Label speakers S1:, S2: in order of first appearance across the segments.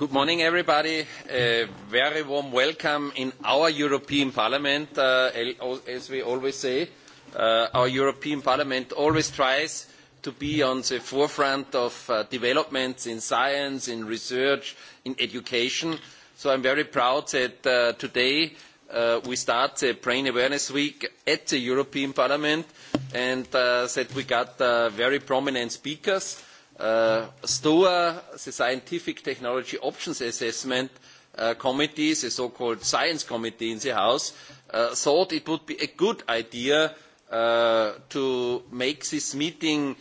S1: Good morning, everybody. A very warm welcome in our European Parliament. As we always say, our European Parliament always tries to be on the forefront of developments in science, in research, in education. So I'm very proud that today we start the Brain Awareness Week at the European Parliament, and that we got very prominent speakers STOA, the Scientific Technology Options Assessment Committee, the so-called Science Committee in the House, thought it would be a good idea to make this meeting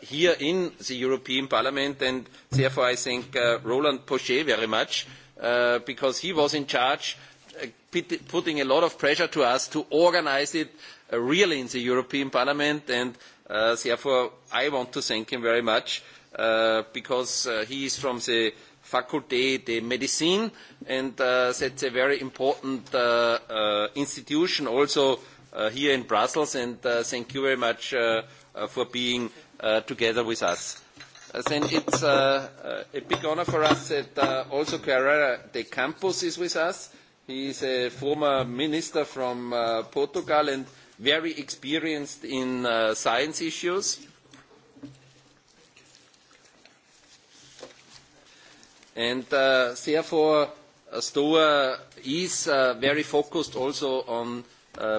S1: here in the European Parliament, and therefore I thank Roland Pochet very much, because he was in charge, putting a lot of pressure to us to organise it really in the European Parliament, and therefore, I want to thank him very much because he is from the Faculté de Médecine, and that's a very important institution also here in Brussels, and thank you very much for being together with us. Then it's a big honor for us that also Carrera de Campos is with us. He is a former minister from Portugal, and very experienced in science issues. And therefore, Stoa is very focused also on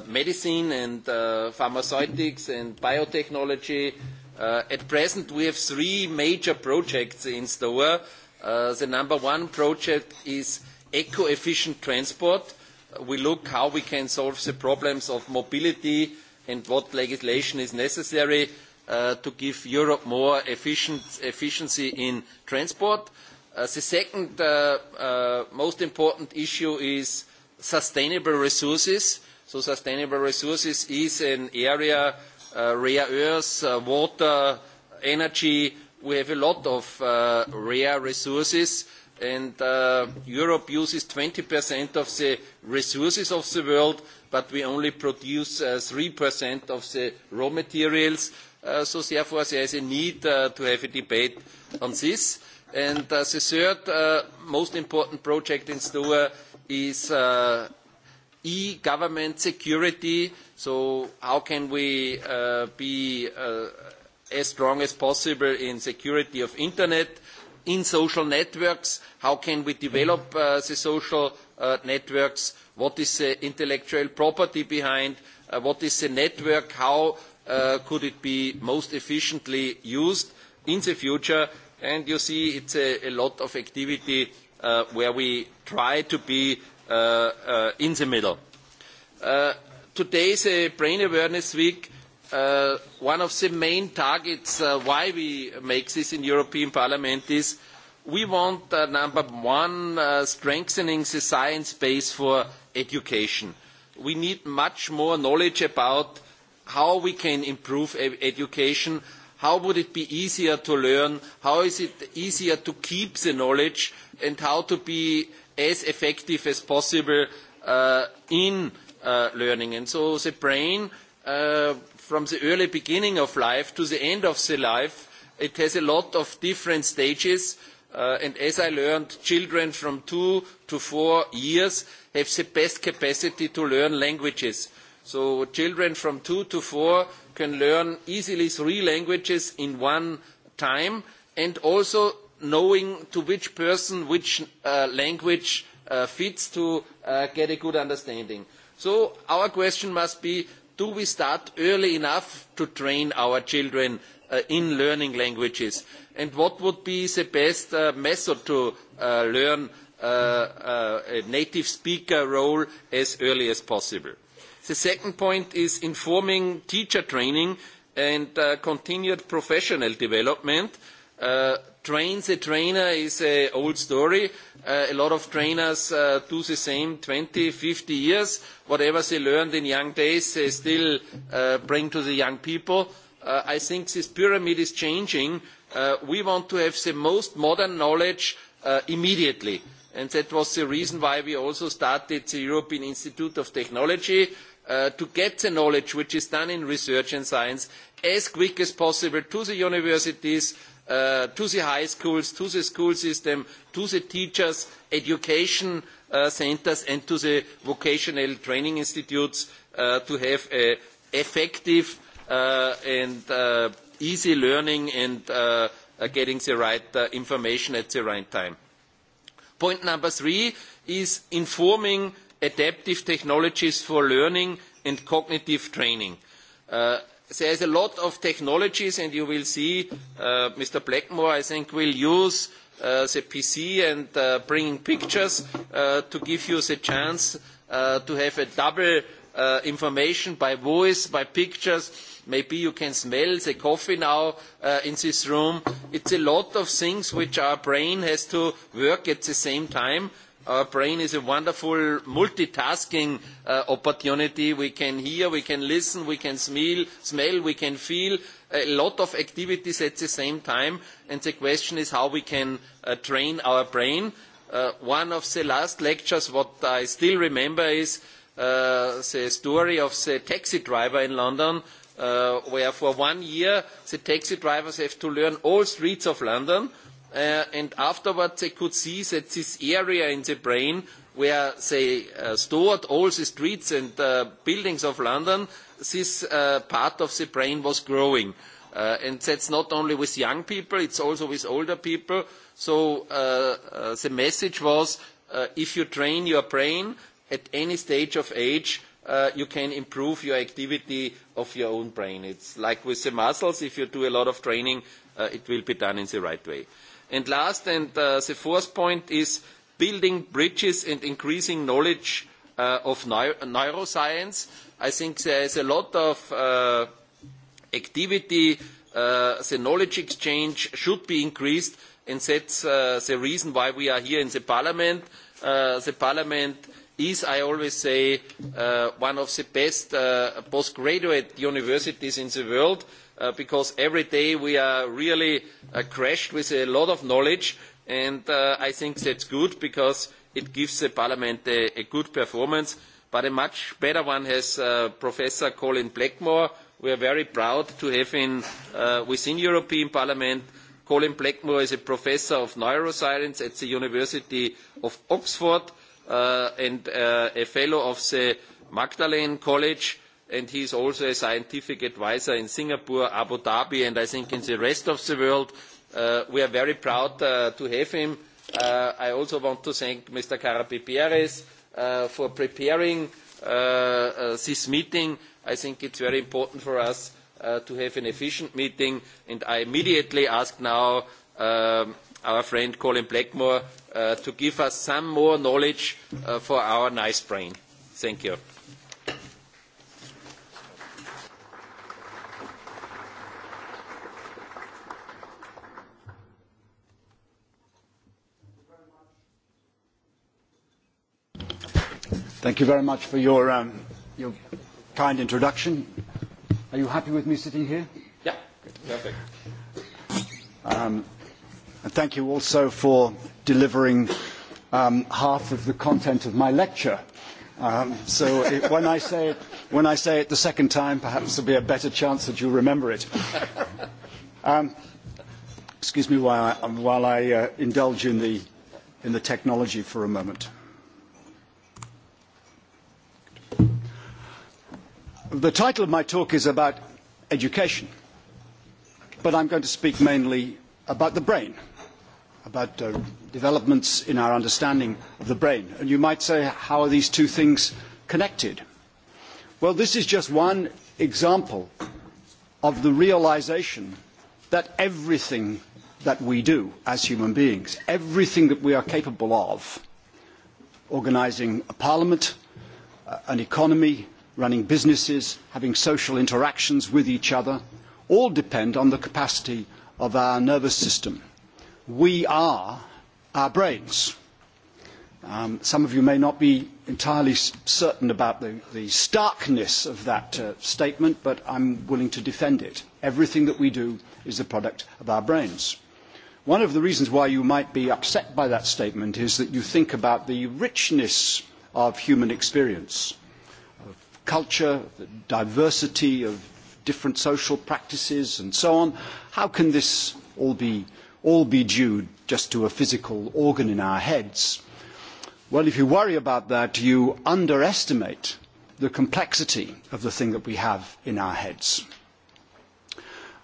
S1: medicine and pharmaceutics and biotechnology. At present, we have three major projects in Stoa. The number one project is eco-efficient transport, we look how we can solve the problems of mobility and what legislation is necessary to give Europe more efficiency in transport. The second most important issue is sustainable resources. So sustainable resources is an area, rare earths, water, energy. We have a lot of rare resources and Europe uses 20% of the resources of the world, but we only produce uh, 3% of the raw materials. so therefore there is a need to have a debate on this. And the third most important project in STOA is e-government security. So how can we be as strong as possible in security of internet? in social networks, how can we develop the social networks, what is the intellectual property behind, what is the network, how could it be most efficiently used in the future. And you see it's a, a lot of activity where we try to be in the middle. today is a Brain Awareness Week one of the main targets why we make this in the European Parliament is we want, number one, strengthening the science base for education. We need much more knowledge about how we can improve education, how would it be easier to learn, how is it easier to keep the knowledge, and how to be as effective as possible in learning. And so the brain from the early beginning of life to the end of the life. It has a lot of different stages. and as I learned, children from two to four years have the best capacity to learn languages. So children from two to four can learn easily three languages in one time and also knowing to which person which language fits to get a good understanding. So our question must be do we start early enough to train our children in learning languages? And what would be the best method to learn a native speaker role as early as possible? The second point is informing teacher training and continued professional development Train the trainer is an old story. a lot of trainers do the same 20, 50 years. Whatever they learned in young days, they still bring to the young people. I think this pyramid is changing. we want to have the most modern knowledge immediately. And that was the reason why we also started the European Institute of Technology to get the knowledge which is done in research and science as quick as possible to the universities, to the high schools, to the school system, to the teachers, education centres and to the vocational training institutes to have an effective and easy learning and getting the right information at the right time. Point number three is informing adaptive technologies for learning and cognitive training there is a lot of technologies, and you will see Mr. Blackmore, I think, will use the PC and bringing pictures to give you the chance to have a double information by voice, by pictures. Maybe you can smell the coffee now in this room. It's a lot of things which our brain has to work at the same time Our brain is a wonderful multitasking opportunity. We can hear, we can listen, we can smell, we can feel a lot of activities at the same time. And the question is how we can train our brain. one of the last lectures, what I still remember is the story of the taxi driver in London, where for one year the taxi drivers have to learn all streets of London and afterwards they could see that this area in the brain where they stored all the streets and buildings of London, this part of the brain was growing. and that's not only with young people, it's also with older people. So the message was, if you train your brain at any stage of age, you can improve your activity of your own brain. It's like with the muscles, if you do a lot of training, it will be done in the right way. And last, and the fourth point is building bridges and increasing knowledge of neuroscience. I think there is a lot of activity. The knowledge exchange should be increased, and that's the reason why we are here in the parliament. The parliament is, I always say, one of the best postgraduate universities in the world because every day we are really crashed with a lot of knowledge, and I think that's good because it gives the parliament a good performance. But a much better one has Professor Colin Blackmore. We are very proud to have him within the European Parliament. Colin Blackmore is a professor of neuroscience at the University of Oxford and a fellow of the Magdalene College and he is also a scientific advisor in Singapore, Abu Dhabi, and I think in the rest of the world. we are very proud to have him. I also want to thank Mr. Carapiperes for preparing this meeting. I think it is very important for us to have an efficient meeting, and I immediately ask now our friend Colin Blackmore to give us some more knowledge for our nice brain. Thank you.
S2: Thank you very much for your, um, your kind introduction. Are you happy with me sitting here?
S3: Yeah, perfect.
S2: Um, and thank you also for delivering um, half of the content of my lecture. Um, so it, when, I say it, when I say it the second time, perhaps there'll be a better chance that you'll remember it. Um, excuse me while I, while I uh, indulge in the, in the technology for a moment. The title of my talk is about education, but I'm going to speak mainly about the brain, about developments in our understanding of the brain. And you might say, how are these two things connected? Well, this is just one example of the realisation that everything that we do as human beings, everything that we are capable of, organising a parliament, an economy, running businesses, having social interactions with each other, all depend on the capacity of our nervous system. We are our brains. some of you may not be entirely certain about the, the starkness of that statement, but I'm willing to defend it. Everything that we do is the product of our brains. One of the reasons why you might be upset by that statement is that you think about the richness of human experience culture, the diversity of different social practices and so on. How can this all be, all be due just to a physical organ in our heads? Well, if you worry about that, you underestimate the complexity of the thing that we have in our heads.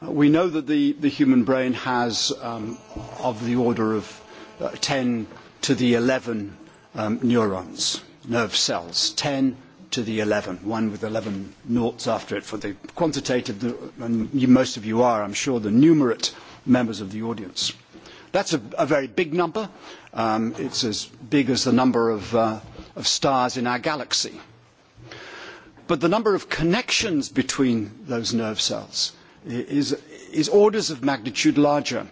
S2: We know that the, the human brain has um, of the order of uh, 10 to the 11 um, neurons, nerve cells, 10 to the 11, one with 11 noughts after it for the quantitative, and you, most of you are, I'm sure, the numerate members of the audience. That's a, a very big number. Um, it's as big as the number of, uh, of stars in our galaxy. But the number of connections between those nerve cells is, is orders of magnitude larger.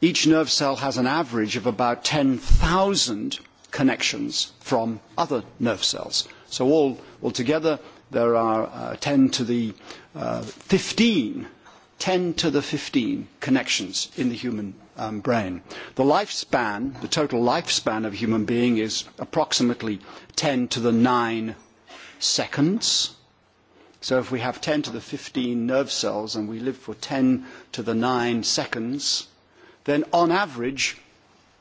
S2: Each nerve cell has an average of about 10,000 connections from other nerve cells. So all altogether, there are ten to the fifteen, ten to the fifteen connections in the human brain. The lifespan, the total lifespan of a human being is approximately ten to the nine seconds. So if we have ten to the fifteen nerve cells and we live for ten to the nine seconds, then on average,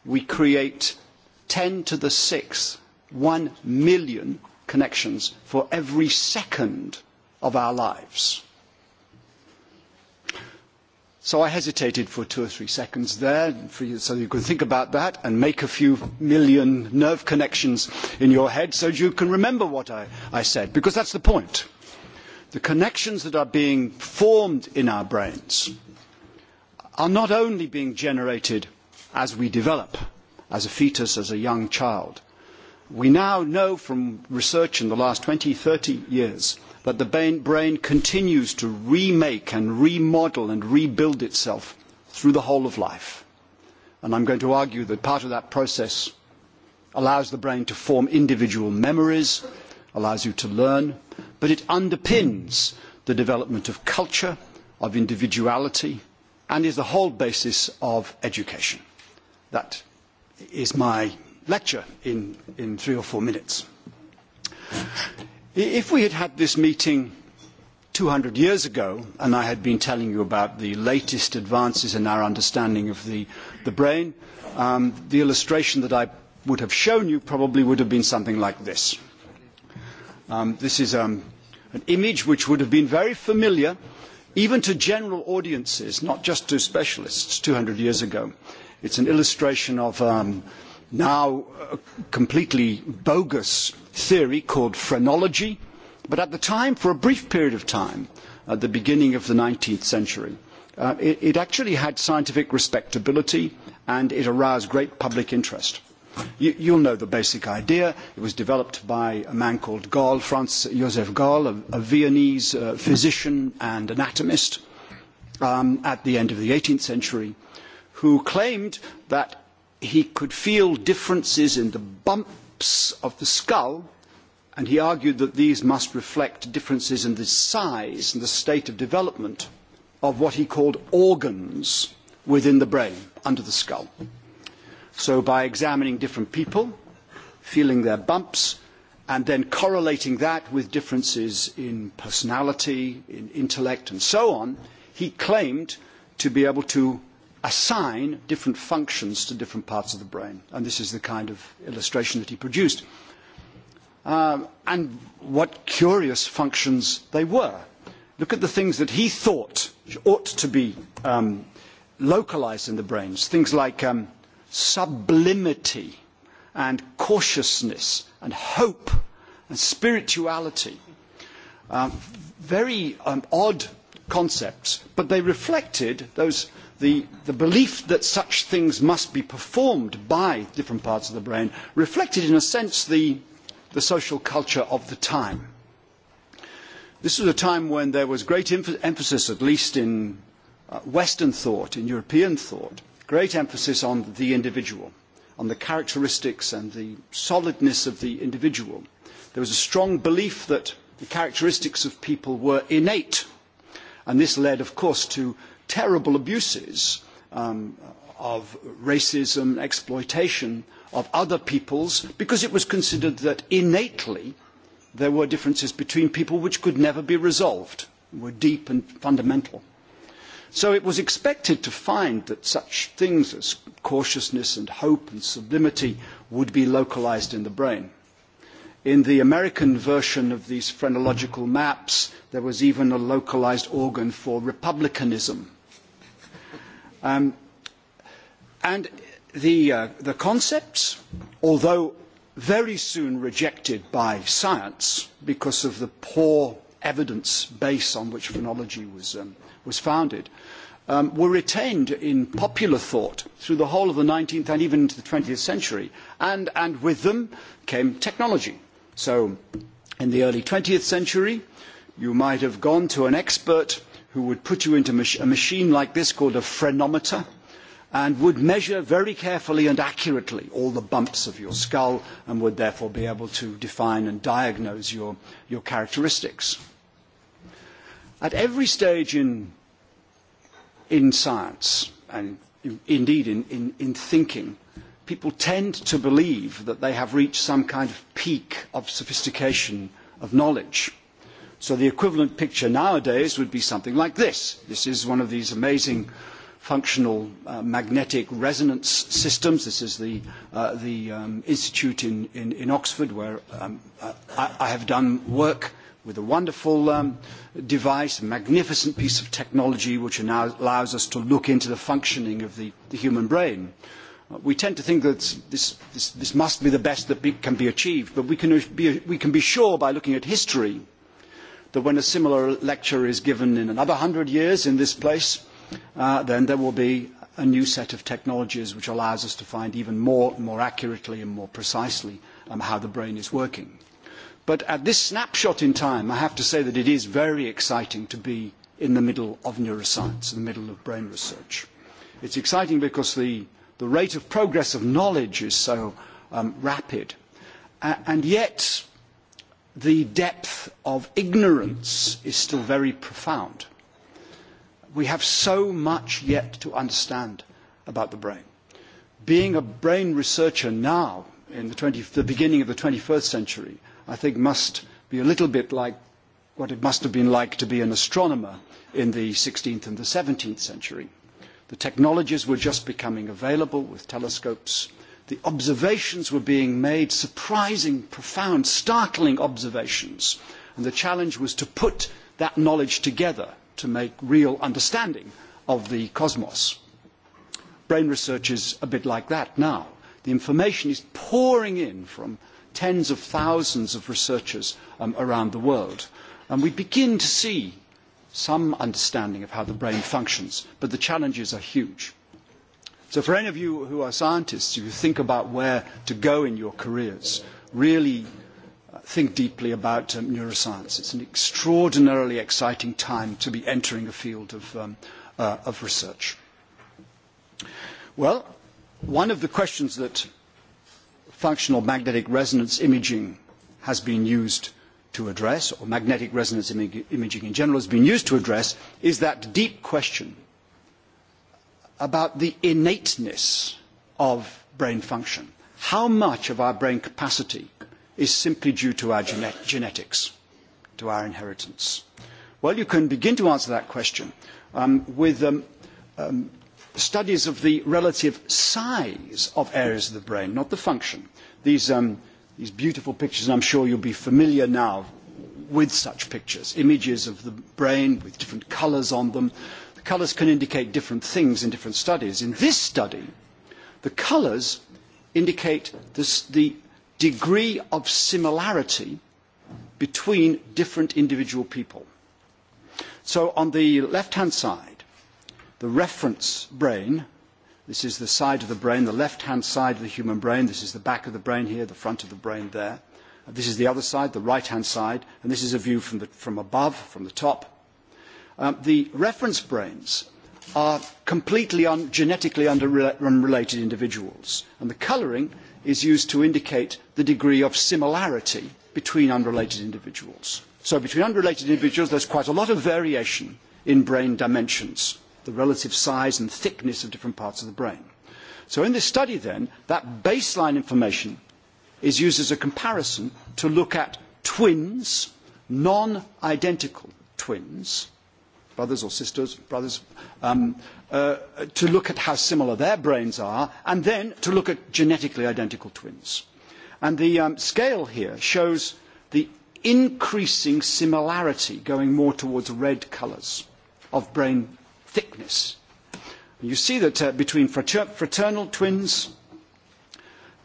S2: we create ten to the six one million connections for every second of our lives. So I hesitated for two or three seconds there, so you can think about that and make a few million nerve connections in your head so you can remember what I, I said, because that's the point. The connections that are being formed in our brains are not only being generated as we develop, as a fetus, as a young child, We now know from research in the last 20, 30 years that the brain continues to remake and remodel and rebuild itself through the whole of life. And I'm going to argue that part of that process allows the brain to form individual memories, allows you to learn, but it underpins the development of culture, of individuality, and is the whole basis of education. That is my lecture in, in three or four minutes. If we had had this meeting two hundred years ago, and I had been telling you about the latest advances in our understanding of the, the brain, the illustration that I would have shown you probably would have been something like this. Um this is um an image which would have been very familiar even to general audiences, not just to specialists, two hundred years ago. It's an illustration of um now completely bogus theory called phrenology. But at the time, for a brief period of time, at the beginning of the nineteenth century, it, actually had scientific respectability and it aroused great public interest. You, will know the basic idea. It was developed by a man called Gall, Franz Josef Gall, a, Viennese physician and anatomist at the end of the eighteenth century, who claimed that he could feel differences in the bumps of the skull, and he argued that these must reflect differences in the size and the state of development of what he called organs within the brain, under the skull. So by examining different people, feeling their bumps, and then correlating that with differences in personality, in intellect, and so on, he claimed to be able to assign different functions to different parts of the brain. And this is the kind of illustration that he produced. and what curious functions they were. Look at the things that he thought ought to be localised in the brains, things like sublimity and cautiousness and hope and spirituality. very odd concepts, but they reflected those the, belief that such things must be performed by different parts of the brain reflected, in a sense, the, social culture of the time. This was a time when there was great emphasis, at least in Western thought, in European thought, great emphasis on the individual, on the characteristics and the solidness of the individual. There was a strong belief that the characteristics of people were innate, and this led, of course, to terrible abuses of racism, exploitation of other peoples, because it was considered that innately there were differences between people which could never be resolved, were deep and fundamental. So it was expected to find that such things as cautiousness and hope and sublimity would be localised in the brain. In the American version of these phrenological maps, there was even a localised organ for republicanism, and the concepts, although very soon rejected by science because of the poor evidence base on which phrenology was, founded, were retained in popular thought through the whole of the nineteenth and even into the twentieth century. And, with them came technology. So in the early twentieth century, you might have gone to an expert who would put you into a machine like this called a phrenometer and would measure very carefully and accurately all the bumps of your skull and would therefore be able to define and diagnose your, your characteristics. At every stage in, in science, and indeed in, in, in thinking, people tend to believe that they have reached some kind of peak of sophistication of knowledge So the equivalent picture nowadays would be something like this. This is one of these amazing functional magnetic resonance systems. This is the, institute in, Oxford where I, have done work with a wonderful device, a magnificent piece of technology which now allows us to look into the functioning of the, human brain. We tend to think that this, must be the best that can be achieved, but we can be sure by looking at history that when a similar lecture is given in another hundred years in this place, then there will be a new set of technologies which allows us to find even more, more accurately and more precisely how the brain is working. But at this snapshot in time, I have to say that it is very exciting to be in the middle of neuroscience, in the middle of brain research. It's exciting because the, the rate of progress of knowledge is so rapid. and yet, the depth of ignorance is still very profound. We have so much yet to understand about the brain. Being a brain researcher now, in the, beginning of the twenty first century, I think must be a little bit like what it must have been like to be an astronomer in the sixteenth and the seventeenth century. The technologies were just becoming available with telescopes the observations were being made, surprising, profound, startling observations. And the challenge was to put that knowledge together to make real understanding of the cosmos. Brain research is a bit like that now. The information is pouring in from tens of thousands of researchers around the world. And we begin to see some understanding of how the brain functions, but the challenges are huge. So for any of you who are scientists, who think about where to go in your careers, really think deeply about neuroscience. It's an extraordinarily exciting time to be entering a field of, research. Well, one of the questions that functional magnetic resonance imaging has been used to address, or magnetic resonance imaging in general has been used to address, is that deep question about the innateness of brain function. How much of our brain capacity is simply due to our genetics, to our inheritance? Well, you can begin to answer that question with studies of the relative size of areas of the brain, not the function. These, beautiful pictures, and I'm sure you'll be familiar now with such pictures, images of the brain with different colours on them, colours can indicate different things in different studies. In this study, the colours indicate the degree of similarity between different individual people. So on the left-hand side, the reference brain, this is the side of the brain, the left-hand side of the human brain, this is the back of the brain here, the front of the brain there. This is the other side, the right-hand side, and this is a view from, the, from above, from the top the reference brains are completely genetically unrelated individuals, and the colouring is used to indicate the degree of similarity between unrelated individuals. So between unrelated individuals, there is quite a lot of variation in brain dimensions, the relative size and thickness of different parts of the brain. So in this study then, that baseline information is used as a comparison to look at twins, non-identical twins, brothers or sisters, brothers, to look at how similar their brains are, and then to look at genetically identical twins. And the scale here shows the increasing similarity going more towards red colours of brain thickness. You see that between fraternal twins,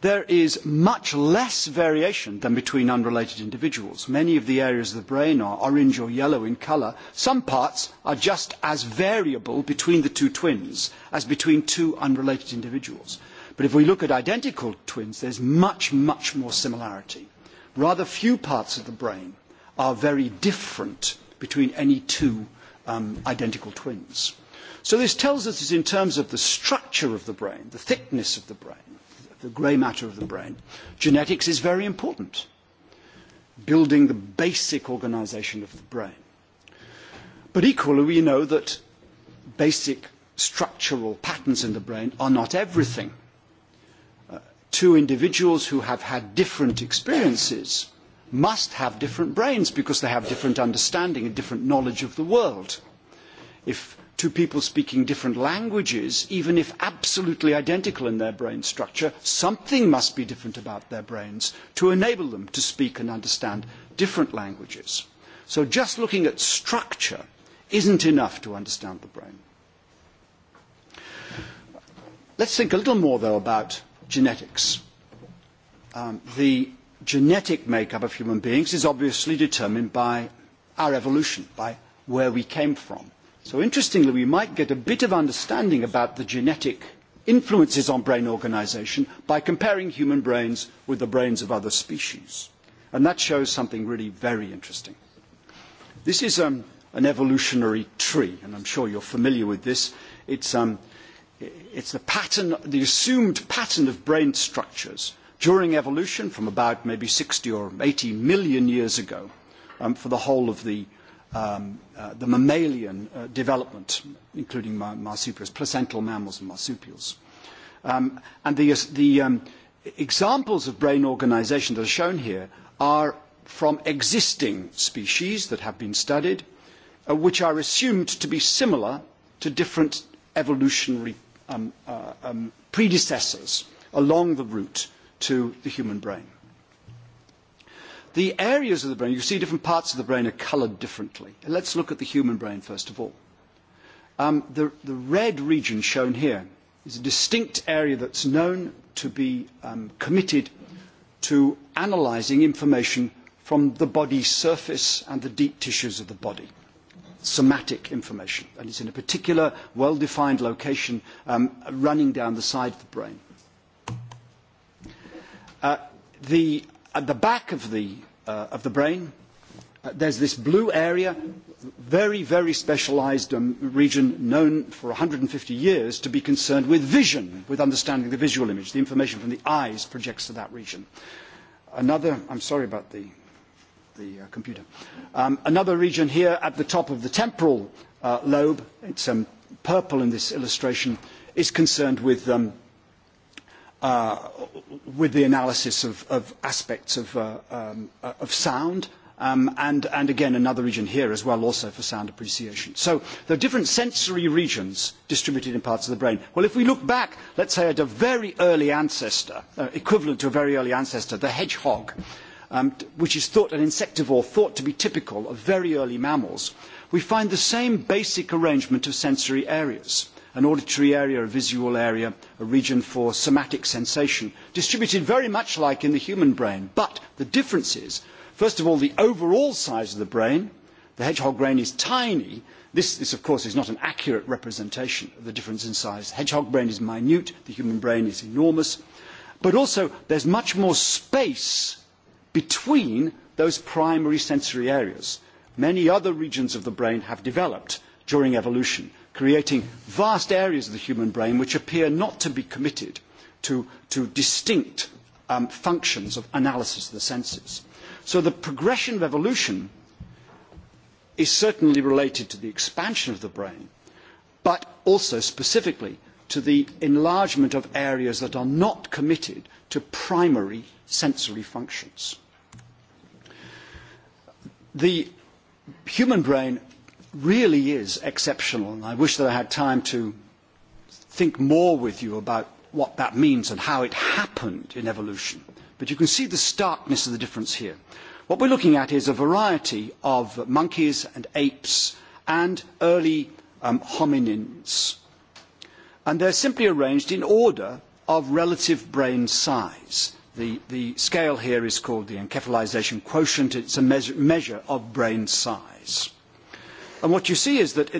S2: there is much less variation than between unrelated individuals. Many of the areas of the brain are orange or yellow in colour. Some parts are just as variable between the two twins as between two unrelated individuals. But if we look at identical twins, there is much, much more similarity. Rather few parts of the brain are very different between any two identical twins. So this tells us that in terms of the structure of the brain, the thickness of the brain, the grey matter of the brain, genetics is very important, building the basic organisation of the brain. But equally, we know that basic structural patterns in the brain are not everything. two individuals who have had different experiences must have different brains because they have different understanding and different knowledge of the world. If to people speaking different languages, even if absolutely identical in their brain structure, something must be different about their brains to enable them to speak and understand different languages. So just looking at structure isn't enough to understand the brain. Let's think a little more, though, about genetics. the genetic makeup of human beings is obviously determined by our evolution, by where we came from So interestingly, we might get a bit of understanding about the genetic influences on brain organisation by comparing human brains with the brains of other species. And that shows something really very interesting. This is an evolutionary tree, and I'm sure you're familiar with this. It's, um, it's the pattern, the assumed pattern of brain structures during evolution from about maybe 60 or 80 million years ago um, for the whole of the the mammalian development, including marsupials, placental mammals and marsupials. and the, examples of brain organisation that are shown here are from existing species that have been studied, which are assumed to be similar to different evolutionary predecessors along the route to the human brain. The areas of the brain, you see different parts of the brain are coloured differently. Let's look at the human brain first of all. the, the red region shown here is a distinct area that's known to be committed to analysing information from the body's surface and the deep tissues of the body, somatic information. And it's in a particular, well-defined location running down the side of the brain. the at the back of the, uh of the brain, uh, there's this blue area, very, very specialised region known for one hundred and fifty years to be concerned with vision, with understanding the visual image. The information from the eyes projects to that region. Another, I'm sorry about the, the uh computer. Um another region here at the top of the temporal uh lobe, it's um, purple in this illustration, is concerned with um, with the analysis of, aspects of, sound, and, again another region here as well also for sound appreciation. So there are different sensory regions distributed in parts of the brain. Well, if we look back, let us say at a very early ancestor, equivalent to a very early ancestor, the hedgehog, which is thought an insectivore, thought to be typical of very early mammals, we find the same basic arrangement of sensory areas an auditory area, a visual area, a region for somatic sensation, distributed very much like in the human brain. But the difference is, first of all, the overall size of the brain. The hedgehog brain is tiny. This, of course, is not an accurate representation of the difference in size. The hedgehog brain is minute, the human brain is enormous. But also, there is much more space between those primary sensory areas. Many other regions of the brain have developed during evolution creating vast areas of the human brain which appear not to be committed to, distinct functions of analysis of the senses. So the progression of evolution is certainly related to the expansion of the brain, but also specifically to the enlargement of areas that are not committed to primary sensory functions. The human brain really is exceptional, and I wish that I had time to think more with you about what that means and how it happened in evolution. But you can see the starkness of the difference here. What we're looking at is a variety of monkeys and apes and early hominins. And they're simply arranged in order of relative brain size. The, scale here is called the encephalization quotient. It's a measure of brain size. And what you see is that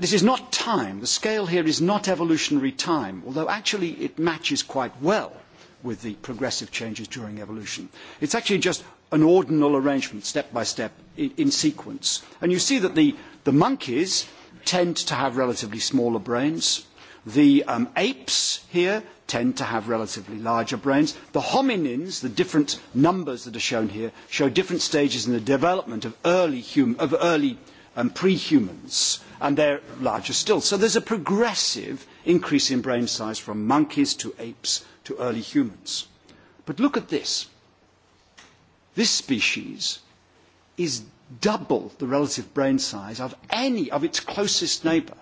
S2: this is not time. The scale here is not evolutionary time, although actually it matches quite well with the progressive changes during evolution. It's actually just an ordinal arrangement, step by step, in, sequence. And you see that the, the monkeys tend to have relatively smaller brains. The apes here tend to have relatively larger brains. The hominins, the different numbers that are shown here, show different stages in the development of early, hum- of early and pre-humans, and they're larger still. So there's a progressive increase in brain size from monkeys to apes to early humans. But look at this. This species is double the relative brain size of any of its closest neighbour,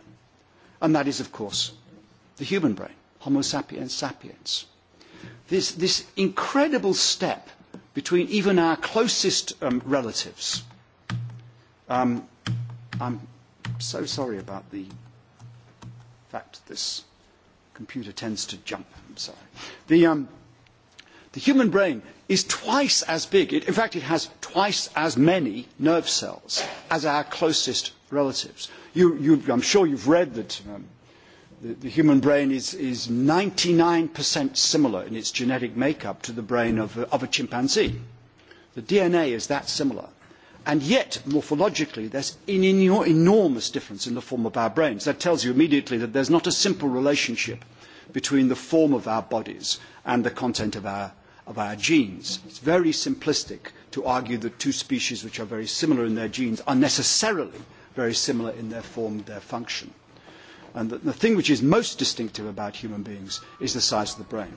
S2: and that is, of course, the human brain, Homo sapiens sapiens. This, this incredible step between even our closest um, relatives um, I'm so sorry about the fact that this computer tends to jump. I'm sorry. The, um, the human brain is twice as big, it, in fact, it has twice as many nerve cells as our closest relatives. You, you, I'm sure you've read that um, the, the human brain is, is 99% similar in its genetic makeup to the brain of a, of a chimpanzee. The DNA is that similar. And yet, morphologically, there is an enormous difference in the form of our brains. That tells you immediately that there is not a simple relationship between the form of our bodies and the content of our, of our genes. It's very simplistic to argue that two species which are very similar in their genes are necessarily very similar in their form, their function. And the, the thing which is most distinctive about human beings is the size of the brain.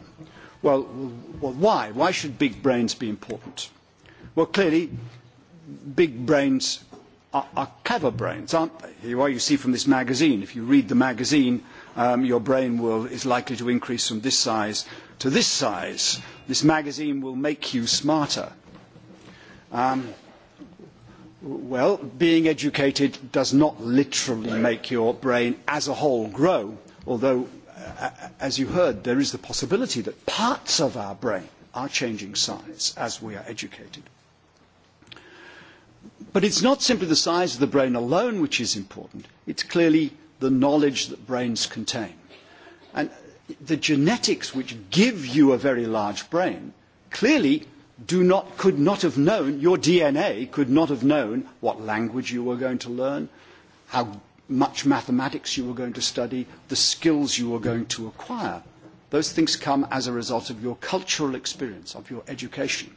S2: Well, well, why? Why should big brains be important? Well, clearly, big brains are, are clever brains, aren't they? What you see from this magazine, if you read the magazine, your brain will, is likely to increase from this size to this size. This magazine will make you smarter. well, being educated does not literally make your brain as a whole grow, although, as you heard, there is the possibility that parts of our brain are changing size as we are educated. But it is not simply the size of the brain alone which is important, it is clearly the knowledge that brains contain. And the genetics which give you a very large brain clearly do not, could not have known, your DNA could not have known what language you were going to learn, how much mathematics you were going to study, the skills you were going to acquire. Those things come as a result of your cultural experience, of your education.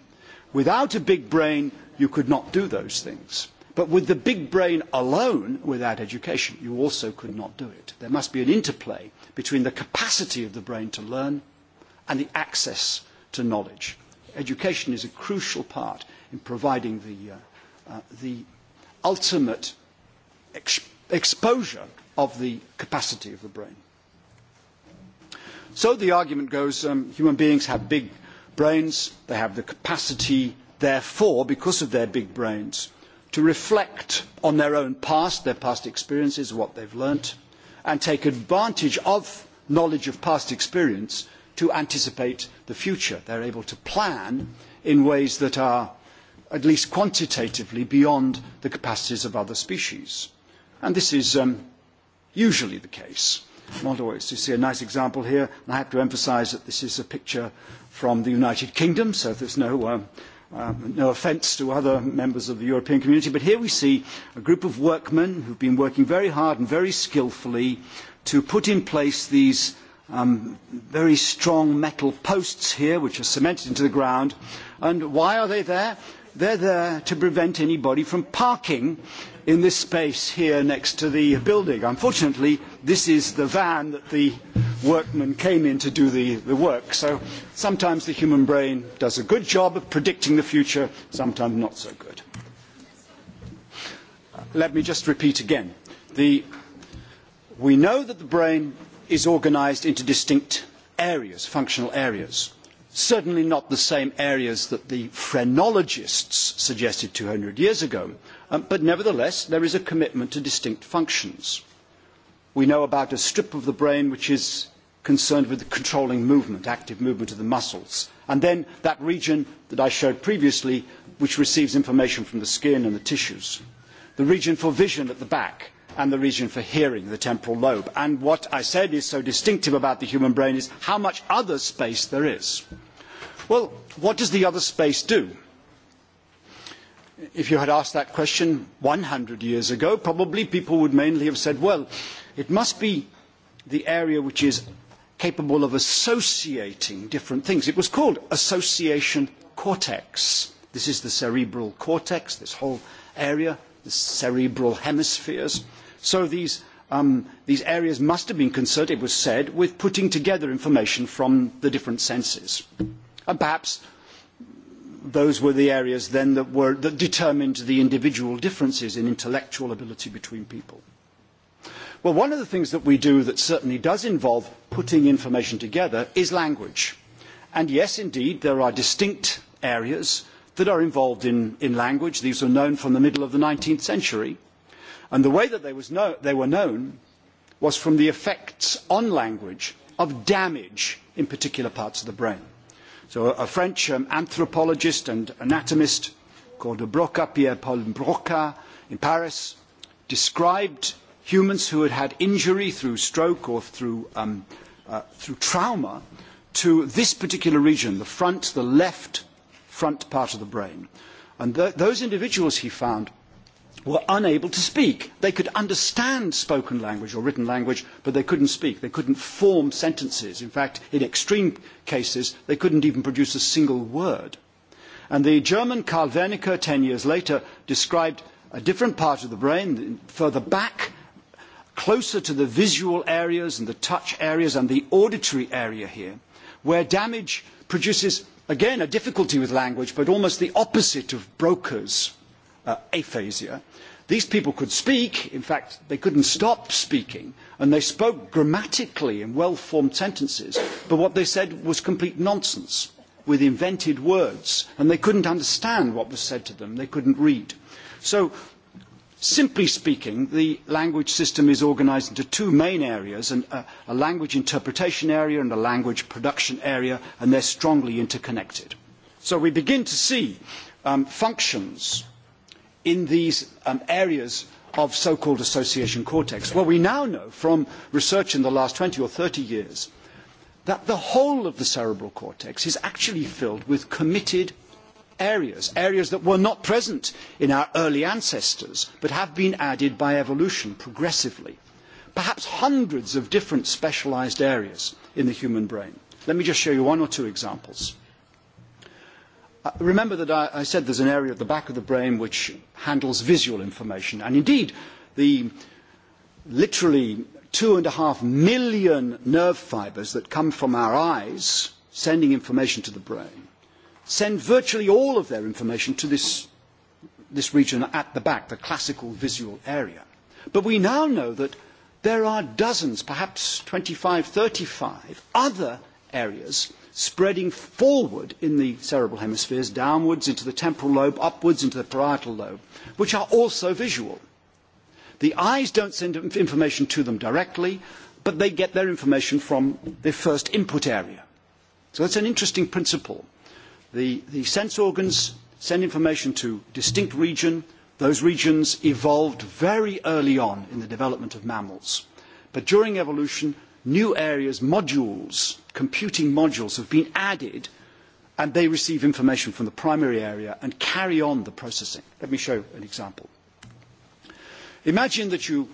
S2: Without a big brain, you could not do those things. But with the big brain alone, without education, you also could not do it. There must be an interplay between the capacity of the brain to learn and the access to knowledge. Education is a crucial part in providing the, ultimate exposure of the capacity of the brain. So the argument goes um, human beings have big brains, they have the capacity therefore, because of their big brains, to reflect on their own past, their past experiences, what they've learnt, and take advantage of knowledge of past experience to anticipate the future. They are able to plan in ways that are, at least quantitatively, beyond the capacities of other species. And this is usually the case. Not always. You see a nice example here, and I have to emphasise that this is a picture from the United Kingdom, so there's no no offence to other members of the European community, but here we see a group of workmen who have been working very hard and very skilfully to put in place these very strong metal posts here, which are cemented into the ground. And why are they there? They are there to prevent anybody from parking in this space here next to the building. Unfortunately, this is the van that the workmen came in to do the, the work. So sometimes the human brain does a good job of predicting the future, sometimes not so good. Let me just repeat again. The, we know that the brain is organised into distinct areas, functional areas. Certainly not the same areas that the phrenologists suggested two hundred years ago, but nevertheless there is a commitment to distinct functions. We know about a strip of the brain which is concerned with the controlling movement, active movement of the muscles. And then that region that I showed previously, which receives information from the skin and the tissues. The region for vision at the back and the region for hearing, the temporal lobe. And what I said is so distinctive about the human brain is how much other space there is. Well, what does the other space do? If you had asked that question one hundred years ago, probably people would mainly have said, well, it must be the area which is capable of associating different things. It was called association cortex. This is the cerebral cortex, this whole area, the cerebral hemispheres. So these, areas must have been concerned, it was said, with putting together information from the different senses. And perhaps those were the areas then that, were, that determined the individual differences in intellectual ability between people. Well, one of the things that we do that certainly does involve putting information together is language. And yes, indeed, there are distinct areas that are involved in, language. These were known from the middle of the nineteenth century. And the way that they, were known was from the effects on language of damage in particular parts of the brain. So a, French anthropologist and anatomist called Broca, Pierre-Paul Broca in Paris, described humans who had had injury through stroke or through, trauma to this particular region, the front, the left front part of the brain. And those individuals, he found, were unable to speak. They could understand spoken language or written language, but they couldn't speak. They couldn't form sentences. In fact, in extreme cases, they couldn't even produce a single word. And the German Karl Wernicke, ten years later, described a different part of the brain further back closer to the visual areas and the touch areas and the auditory area here, where damage produces, again, a difficulty with language, but almost the opposite of Broca's aphasia. These people could speak, in fact, they couldn't stop speaking, and they spoke grammatically in well formed sentences, but what they said was complete nonsense with invented words, and they couldn't understand what was said to them, they couldn't read. So Simply speaking, the language system is organised into two main areas, a language interpretation area and a language production area, and they are strongly interconnected. So we begin to see functions in these areas of so-called association cortex. Well, we now know from research in the last twenty or thirty years that the whole of the cerebral cortex is actually filled with committed areas, areas that were not present in our early ancestors, but have been added by evolution progressively. Perhaps hundreds of different specialised areas in the human brain. Let me just show you one or two examples. remember that I, I said there's an area at the back of the brain which handles visual information, and indeed, the literally two and a half million nerve fibres that come from our eyes sending information to the brain send virtually all of their information to this, this region at the back, the classical visual area. But we now know that there are dozens, perhaps twenty five, thirty five other areas spreading forward in the cerebral hemispheres, downwards into the temporal lobe, upwards into the parietal lobe, which are also visual. The eyes don't send information to them directly, but they get their information from their first input area. So that's an interesting principle The, sense organs send information to distinct regions. Those regions evolved very early on in the development of mammals. But during evolution, new areas, modules, computing modules have been added and they receive information from the primary area and carry on the processing. Let me show an example. Imagine that you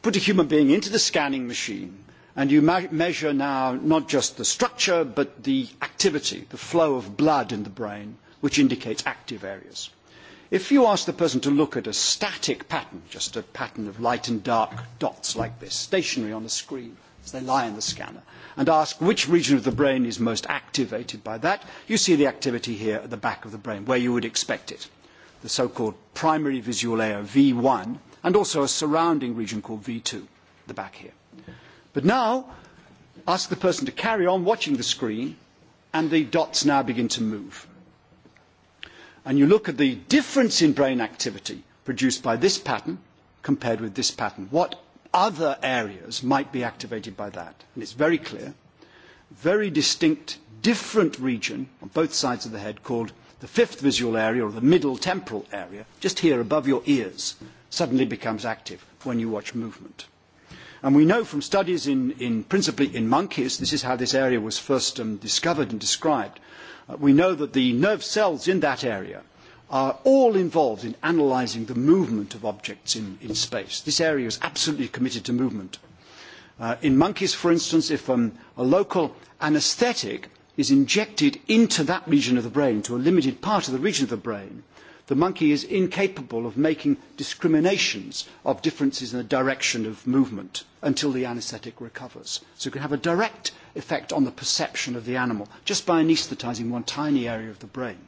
S2: put a human being into the scanning machine And you measure now not just the structure, but the activity, the flow of blood in the brain, which indicates active areas. If you ask the person to look at a static pattern, just a pattern of light and dark dots like this, stationary on a screen, as they lie in the scanner, and ask which region of the brain is most activated by that, you see the activity here at the back of the brain, where you would expect it, the so-called primary visual area, V1, and also a surrounding region called V2, the back here. But now, ask the person to carry on watching the screen, and the dots now begin to move. And you look at the difference in brain activity produced by this pattern compared with this pattern. What other areas might be activated by that? And it's very clear, very distinct, different region on both sides of the head called the fifth visual area or the middle temporal area, just here above your ears, suddenly becomes active when you watch movement. And we know from studies in, principally in monkeys, this is how this area was first discovered and described, we know that the nerve cells in that area are all involved in analysing the movement of objects in, space. This area is absolutely committed to movement. in monkeys, for instance, if a local anaesthetic is injected into that region of the brain, to a limited part of the region of the brain, The monkey is incapable of making discriminations of differences in the direction of movement until the anaesthetic recovers. So it can have a direct effect on the perception of the animal just by anaesthetising one tiny area of the brain.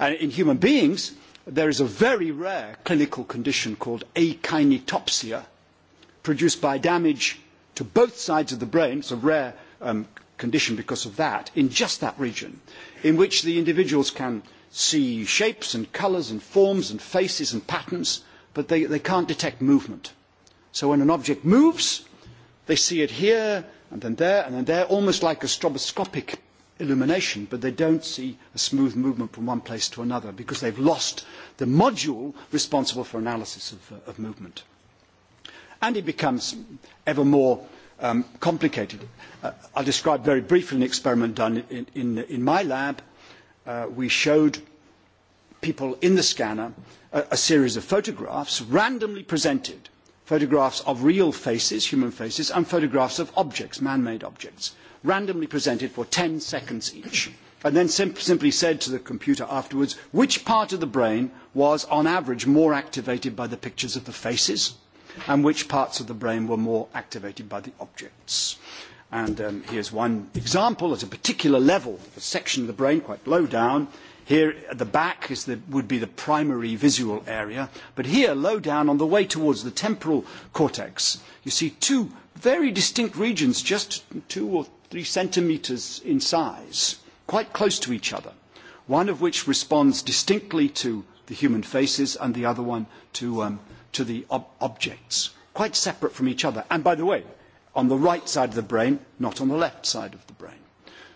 S2: And in human beings, there is a very rare clinical condition called akinetopsia produced by damage to both sides of the brain. It's a rare condition because of that, in just that region, in which the individuals can see shapes and colours and forms and faces and patterns, but they, they can't detect movement. So when an object moves, they see it here and then there and then there, almost like a stroboscopic illumination, but they don't see a smooth movement from one place to another because they've lost the module responsible for analysis of, of movement. And it becomes ever more um, complicated. Uh, I'll describe very briefly an experiment done in, in, in my lab we showed people in the scanner a, series of photographs randomly presented photographs of real faces, human faces, and photographs of objects, man-made objects, randomly presented for ten seconds each, and then simply said to the computer afterwards which part of the brain was, on average, more activated by the pictures of the faces, and which parts of the brain were more activated by the objects. And um, here's one example at a particular level, a section of the brain, quite low down. Here at the back is the, would be the primary visual area, but here, low down, on the way towards the temporal cortex, you see two very distinct regions, just two or three centimetres in size, quite close to each other, one of which responds distinctly to the human faces and the other one to, um, to the ob- objects, quite separate from each other. And by the way, on the right side of the brain, not on the left side of the brain.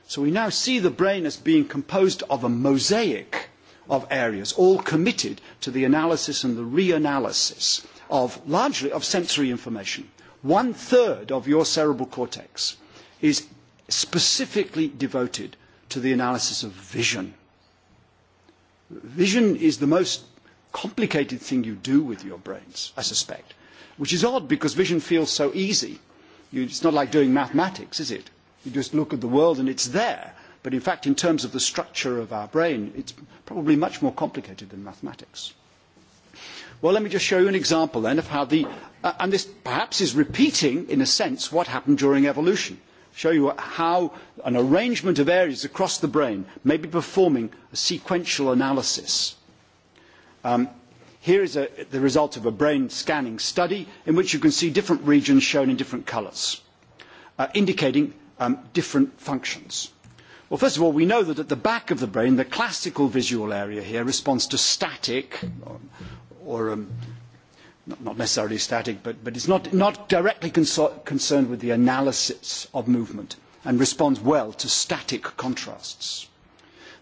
S2: So we now see the brain as being composed of a mosaic of areas, all committed to the analysis and the reanalysis of largely of sensory information. One third of your cerebral cortex is specifically devoted to the analysis of vision. Vision is the most complicated thing you do with your brains, I suspect, which is odd because vision feels so easy You, it's not like doing mathematics, is it? You just look at the world and it's there. But in fact, in terms of the structure of our brain, it's probably much more complicated than mathematics. Well, let me just show you an example then of how the, uh, and this perhaps is repeating, in a sense, what happened during evolution. Show you how an arrangement of areas across the brain may be performing a sequential analysis. Um, Here is the result of a brain scanning study in which you can see different regions shown in different colours, indicating different functions. Well, first of all, we know that at the back of the brain, the classical visual area here responds to static, or, not, necessarily static, but, but it's not, not directly concerned with the analysis of movement and responds well to static contrasts.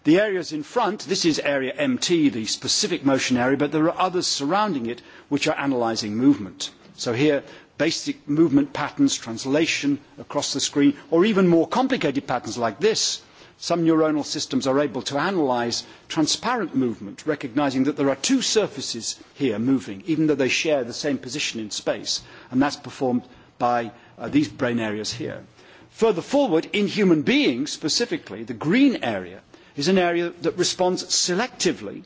S2: The areas in front, this is area MT, the specific motion area, but there are others surrounding it which are analysing movement. So here, basic movement patterns, translation across the screen, or even more complicated patterns like this. Some neuronal systems are able to analyse transparent movement, recognising that there are two surfaces here moving, even though they share the same position in space, and that is performed by these brain areas here. Further forward, in human beings specifically, the green area is an area that responds selectively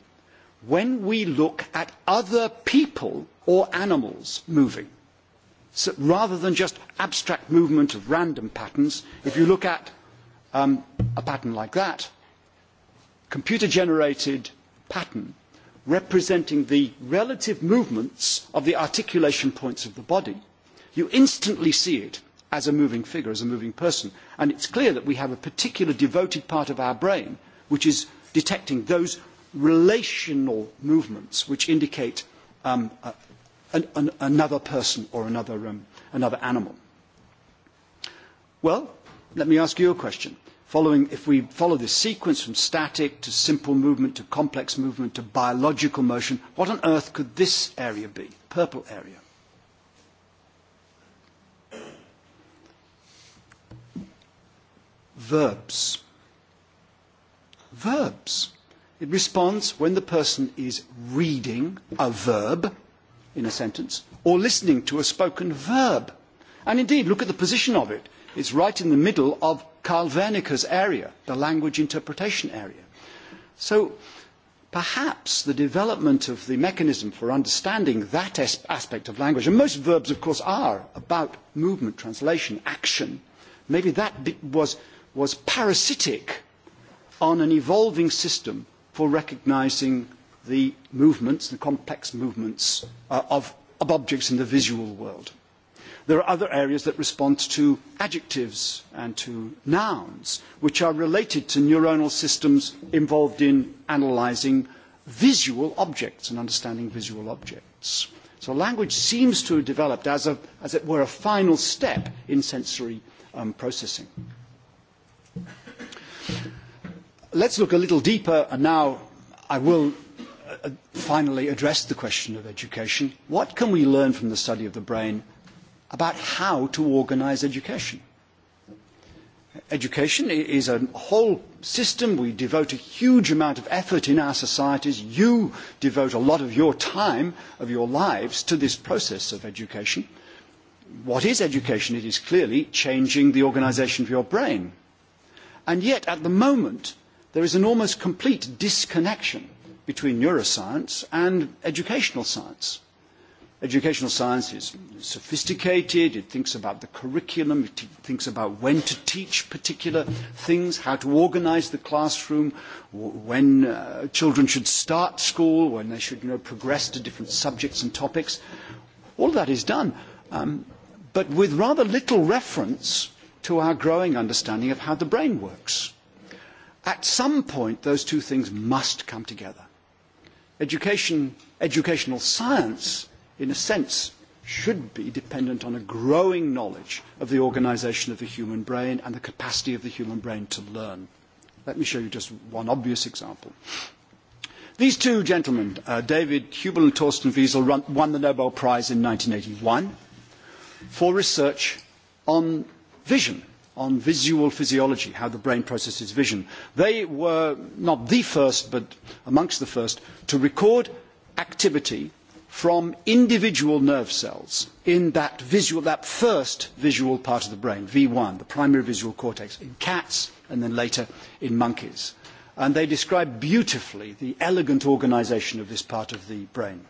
S2: when we look at other people or animals moving. So rather than just abstract movement of random patterns, if you look at a pattern like that, computer generated pattern representing the relative movements of the articulation points of the body, you instantly see it as a moving figure, as a moving person. And it is clear that we have a particular devoted part of our brain which is detecting those relational movements which indicate another person or another animal. Well, let me ask you a question. Following, if we follow this sequence from static to simple movement to complex movement to biological motion, what on earth could this area be, the purple area? Verbs verbs. It responds when the person is reading a verb in a sentence or listening to a spoken verb. And indeed, look at the position of it. It's right in the middle of Karl Wernicke's area, the language interpretation area. So perhaps the development of the mechanism for understanding that aspect of language, and most verbs, of course, are about movement, translation, action, maybe that was, was parasitic on an evolving system for recognising the movements, the complex movements of, objects in the visual world. There are other areas that respond to adjectives and to nouns, which are related to neuronal systems involved in analysing visual objects and understanding visual objects. So language seems to have developed as, a, as it were, a final step in sensory processing. Let us look a little deeper, and now I will finally address the question of education. What can we learn from the study of the brain about how to organise education? Education is a whole system. We devote a huge amount of effort in our societies. You devote a lot of your time, of your lives, to this process of education. What is education? It is clearly changing the organisation of your brain. And yet, at the moment, There is an almost complete disconnection between neuroscience and educational science. Educational science is sophisticated, it thinks about the curriculum, it thinks about when to teach particular things, how to organise the classroom, when uh, children should start school, when they should you know, progress to different subjects and topics. All of that is done, um, but with rather little reference to our growing understanding of how the brain works At some point, those two things must come together. Education, educational science, in a sense, should be dependent on a growing knowledge of the organisation of the human brain and the capacity of the human brain to learn. Let me show you just one obvious example. These two gentlemen, David Hubel and Torsten Wiesel, won the Nobel Prize in eighty one for research on vision on visual physiology, how the brain processes vision. They were not the first, but amongst the first, to record activity from individual nerve cells in that visual, that first visual part of the brain, V1, the primary visual cortex, in cats and then later in monkeys. And they describe beautifully the elegant organisation of this part of the brain.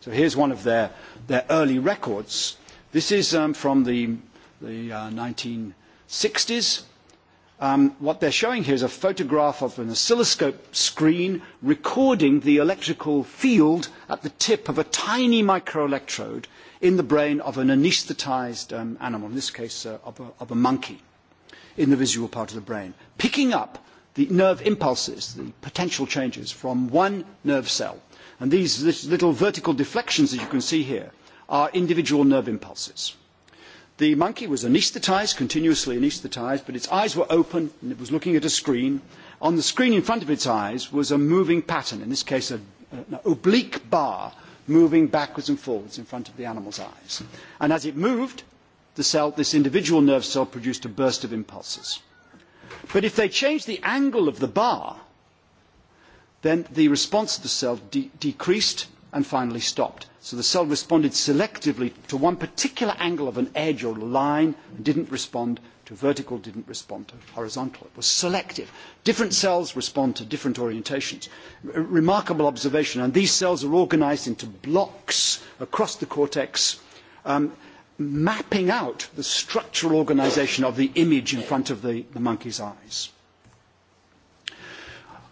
S2: So here's one of their, their early records. This is um, from the, the uh, 19... 60s. Um, what they're showing here is a photograph of an oscilloscope screen recording the electrical field at the tip of a tiny microelectrode in the brain of an anesthetized animal, in this case of, a, of a monkey, in the visual part of the brain, picking up the nerve impulses, the potential changes from one nerve cell. And these little vertical deflections that you can see here are individual nerve impulses. The monkey was anaesthetised, continuously anaesthetised, but its eyes were open and it was looking at a screen. On the screen in front of its eyes was a moving pattern, in this case an oblique bar moving backwards and forwards in front of the animal's eyes. And as it moved, the cell, this individual nerve cell produced a burst of impulses. But if they changed the angle of the bar, then the response of the cell decreased and finally stopped. So the cell responded selectively to one particular angle of an edge or a line and didn't respond to vertical, didn't respond to horizontal. It was selective. Different cells respond to different orientations. A remarkable observation. And these cells are organized into blocks across the cortex, mapping out the structural organization of the image in front of the, the monkey's eyes.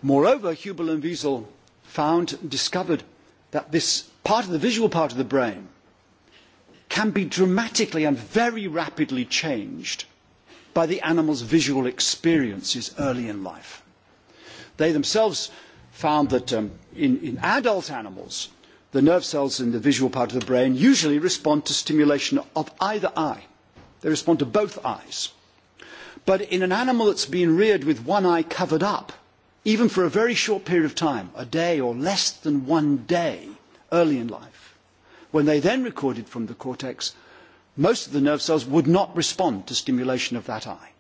S2: Moreover, Hubel and Wiesel found, discovered that this part of the visual part of the brain can be dramatically and very rapidly changed by the animal's visual experiences early in life. They themselves found that in, adult animals, the nerve cells in the visual part of the brain usually respond to stimulation of either eye. They respond to both eyes. But in an animal that's been reared with one eye covered up, even for a very short period of time, a day or less than one day, early in life. When they then recorded from the cortex, most of the nerve cells would not respond to stimulation of that eye.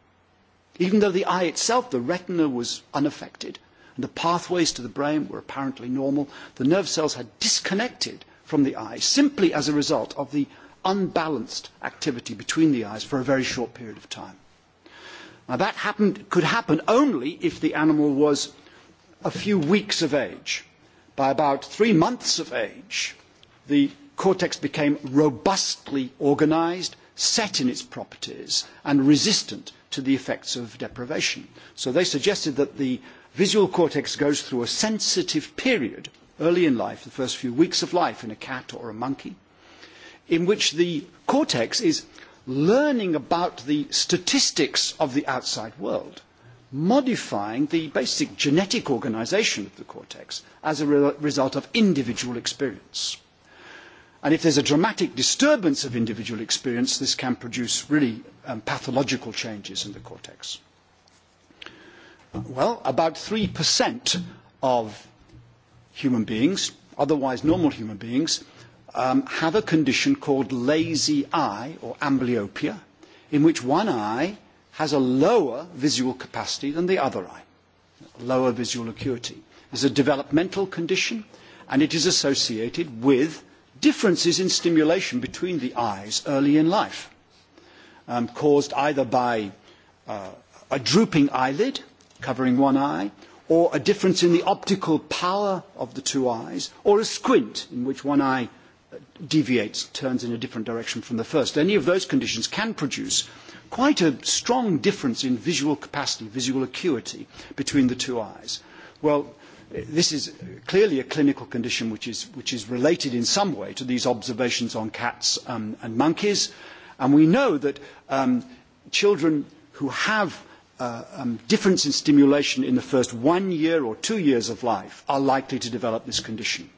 S2: Even though the eye itself, the retina, was unaffected, and the pathways to the brain were apparently normal, the nerve cells had disconnected from the eye simply as a result of the unbalanced activity between the eyes for a very short period of time. Now, that happened, could happen only if the animal was a few weeks of age by about three months of age, the cortex became robustly organised, set in its properties, and resistant to the effects of deprivation. So they suggested that the visual cortex goes through a sensitive period early in life, the first few weeks of life in a cat or a monkey, in which the cortex is learning about the statistics of the outside world – modifying the basic genetic organisation of the cortex as a result of individual experience. And if there is a dramatic disturbance of individual experience, this can produce really pathological changes in the cortex. Well, about 3% of human beings, otherwise normal human beings, have a condition called lazy eye or amblyopia, in which one eye has a lower visual capacity than the other eye, lower visual acuity. It is a developmental condition and it is associated with differences in stimulation between the eyes early in life, caused either by a drooping eyelid covering one eye, or a difference in the optical power of the two eyes, or a squint in which one eye deviates, turns in a different direction from the first. Any of those conditions can produce quite a strong difference in visual capacity, visual acuity between the two eyes. Well, this is clearly a clinical condition which is, which is related in some way to these observations on cats um, and monkeys. And we know that um, children who have uh, um, difference in stimulation in the first one year or two years of life are likely to develop this condition.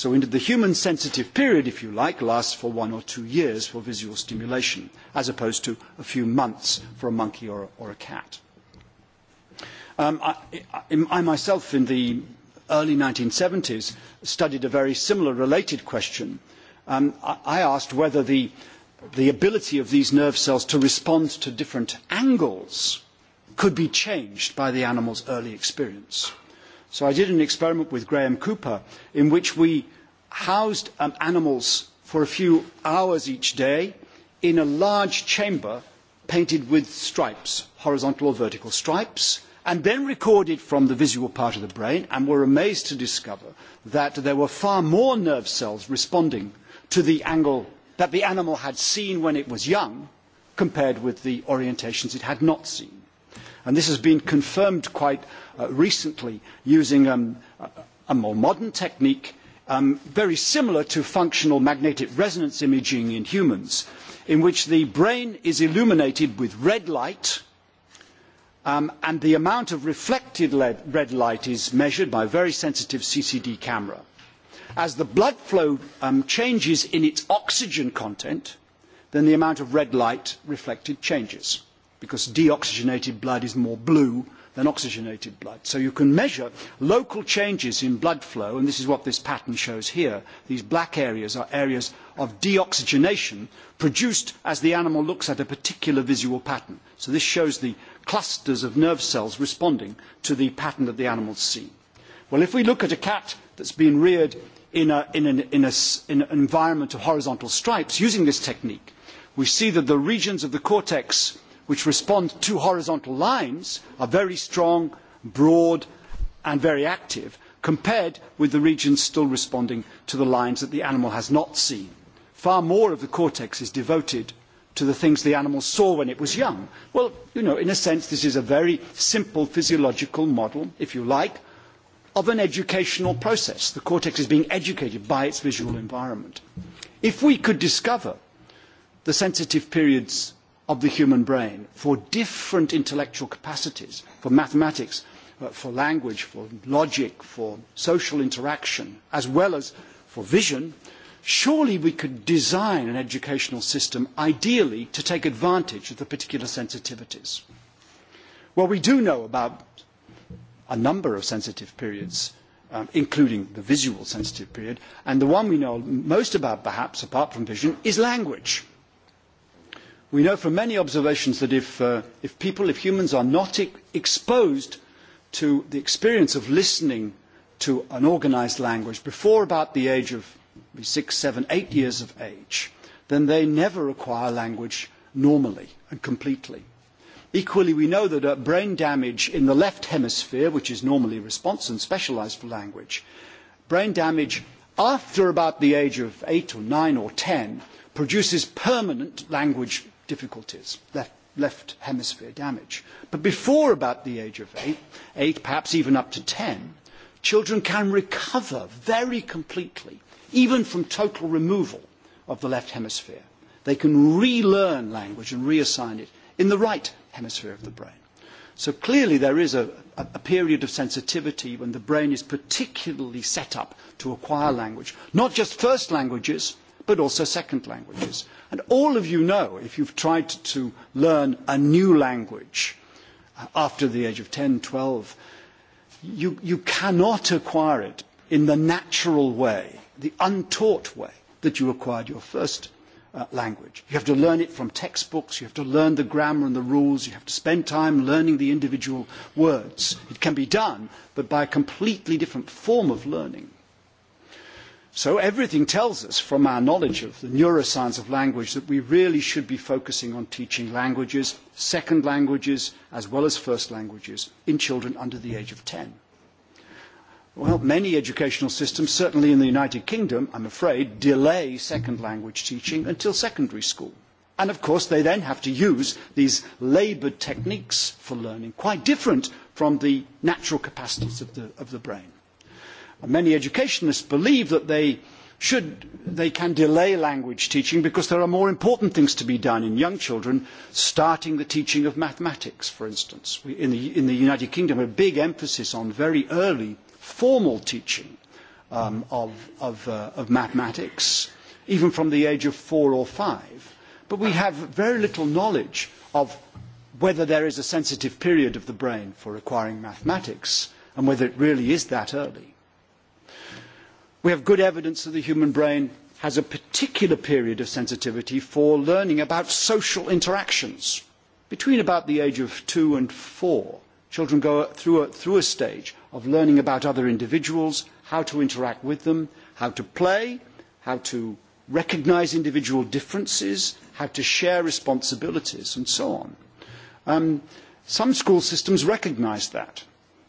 S2: So the human sensitive period, if you like, lasts for one or two years for visual stimulation, as opposed to a few months for a monkey or, a cat. I, myself, in the early 1970s, studied a very similar related question. I asked whether the, the ability of these nerve cells to respond to different angles could be changed by the animal's early experience. So I did an experiment with Graham Cooper in which we housed animals for a few hours each day in a large chamber painted with stripes, horizontal or vertical stripes, and then recorded from the visual part of the brain and were amazed to discover that there were far more nerve cells responding to the angle that the animal had seen when it was young compared with the orientations it had not seen. And this has been confirmed quite recently using a more modern technique very similar to functional magnetic resonance imaging in humans, in which the brain is illuminated with red light and the amount of reflected red light is measured by a very sensitive CCD camera. As the blood flow changes in its oxygen content, then the amount of red light reflected changes because deoxygenated blood is more blue than oxygenated blood. So you can measure local changes in blood flow, and this is what this pattern shows here. These black areas are areas of deoxygenation produced as the animal looks at a particular visual pattern. So this shows the clusters of nerve cells responding to the pattern that the animals see. Well, if we look at a cat that's been reared in, an environment of horizontal stripes using this technique, we see that the regions of the cortex which respond to horizontal lines are very strong, broad and very active compared with the regions still responding to the lines that the animal has not seen. Far more of the cortex is devoted to the things the animal saw when it was young. Well, you know, in a sense, this is a very simple physiological model, if you like, of an educational process. The cortex is being educated by its visual environment. If we could discover the sensitive periods of the human brain for different intellectual capacities, for mathematics, for language, for logic, for social interaction, as well as for vision, surely we could design an educational system ideally to take advantage of the particular sensitivities. Well, we do know about a number of sensitive periods, including the visual sensitive period, and the one we know most about, perhaps, apart from vision, is language We know from many observations that if, people, if humans are not exposed to the experience of listening to an organised language before about the age of six, seven, eight years of age, then they never acquire language normally and completely. Equally, we know that brain damage in the left hemisphere, which is normally responsive and specialised for language, brain damage after about the age of eight or nine or ten produces permanent language difficulties, left, left hemisphere damage. But before about the age of eight, eight, perhaps even up to ten, children can recover very completely, even from total removal of the left hemisphere. They can relearn language and reassign it in the right hemisphere of the brain. So clearly there is a, a period of sensitivity when the brain is particularly set up to acquire language, not just first languages, but also second languages. And all of you know, if you've tried to learn a new language after the age of 10, 12, you, you cannot acquire it in the natural way, the untaught way that you acquired your first language. You have to learn it from textbooks, you have to learn the grammar and the rules, you have to spend time learning the individual words. It can be done, but by a completely different form of learning So everything tells us from our knowledge of the neuroscience of language that we really should be focusing on teaching languages, second languages, as well as first languages in children under the age of ten. Well, many educational systems, certainly in the United Kingdom, I'm afraid, delay second language teaching until secondary school. And of course, they then have to use these laboured techniques for learning, quite different from the natural capacities of the, brain many educationists believe that they should they can delay language teaching because there are more important things to be done in young children starting the teaching of mathematics for instance in the, in the united kingdom a big emphasis on very early formal teaching of, of, uh, of mathematics even from the age of four or five but we have very little knowledge of whether there is a sensitive period of the brain for acquiring mathematics and whether it really is that early We have good evidence that the human brain has a particular period of sensitivity for learning about social interactions. Between about the age of two and four, children go through a, stage of learning about other individuals, how to interact with them, how to play, how to recognise individual differences, how to share responsibilities, and so on. some school systems recognise that,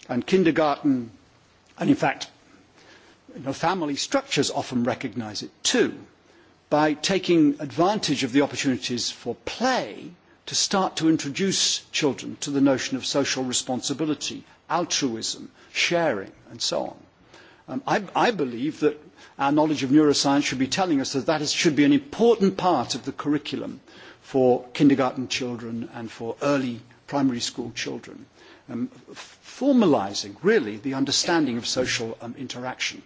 S2: and kindergarten, and in fact, you know, family structures often recognise it too, by taking advantage of the opportunities for play to start to introduce children to the notion of social responsibility, altruism, sharing, and so on. I, I believe that our knowledge of neuroscience should be telling us that that is, should be an important part of the curriculum for kindergarten children and for early primary school children, um, formalising really the understanding of social um, interaction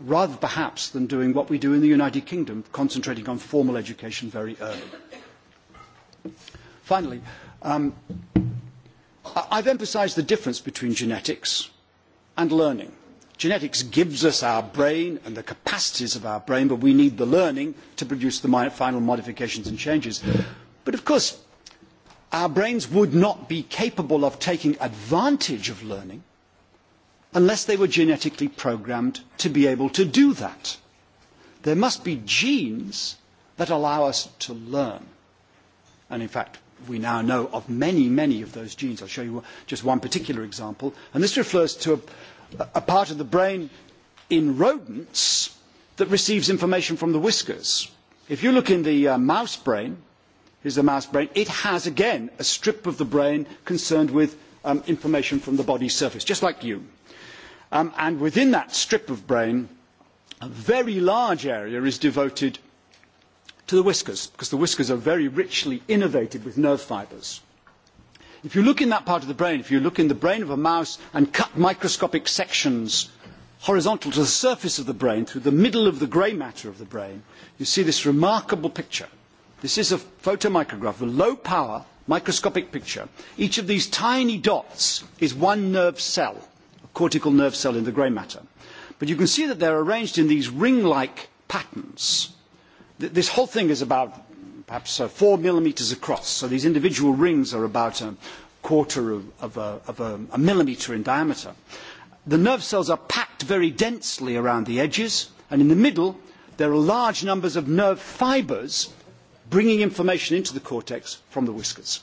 S2: rather perhaps than doing what we do in the United Kingdom, concentrating on formal education very early. Finally, um, I've emphasized the difference between genetics and learning. Genetics gives us our brain and the capacities of our brain, but we need the learning to produce the final modifications and changes. But of course, our brains would not be capable of taking advantage of learning unless they were genetically programmed to be able to do that. There must be genes that allow us to learn. And in fact, we now know of many, many of those genes. I'll show you just one particular example. And this refers to a, part of the brain in rodents that receives information from the whiskers. If you look in the mouse brain, here's the mouse brain, it has again a strip of the brain concerned with information from the body's surface, just like you and within that strip of brain, a very large area is devoted to the whiskers, because the whiskers are very richly innervated with nerve fibres. If you look in that part of the brain, if you look in the brain of a mouse and cut microscopic sections horizontal to the surface of the brain, through the middle of the grey matter of the brain, you see this remarkable picture. This is a photomicrograph, a low power microscopic picture. Each of these tiny dots is one nerve cell cortical nerve cell in the grey matter. But you can see that they're arranged in these ring-like patterns. This whole thing is about perhaps uh, four millimetres across, so these individual rings are about a quarter of, of, a, of a, a millimetre in diameter. The nerve cells are packed very densely around the edges, and in the middle there are large numbers of nerve fibres bringing information into the cortex from the whiskers.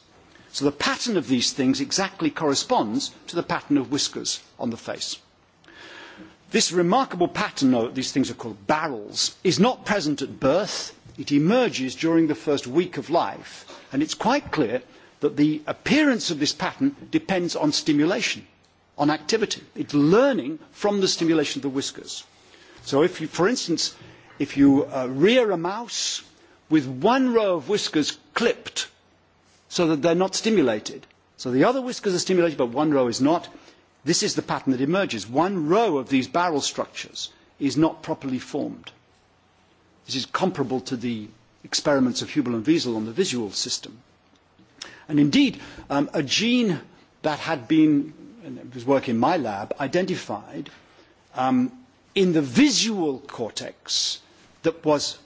S2: So the pattern of these things exactly corresponds to the pattern of whiskers on the face. This remarkable pattern, these things are called barrels, is not present at birth. It emerges during the first week of life. And it is quite clear that the appearance of this pattern depends on stimulation, on activity. It is learning from the stimulation of the whiskers. So if you, for instance, if you rear a mouse with one row of whiskers clipped so that they are not stimulated. So the other whiskers are stimulated, but one row is not. This is the pattern that emerges. One row of these barrel structures is not properly formed. This is comparable to the experiments of Hubel and Wiesel on the visual system. And indeed, a gene that had been, and it was work in my lab, identified in the visual cortex that was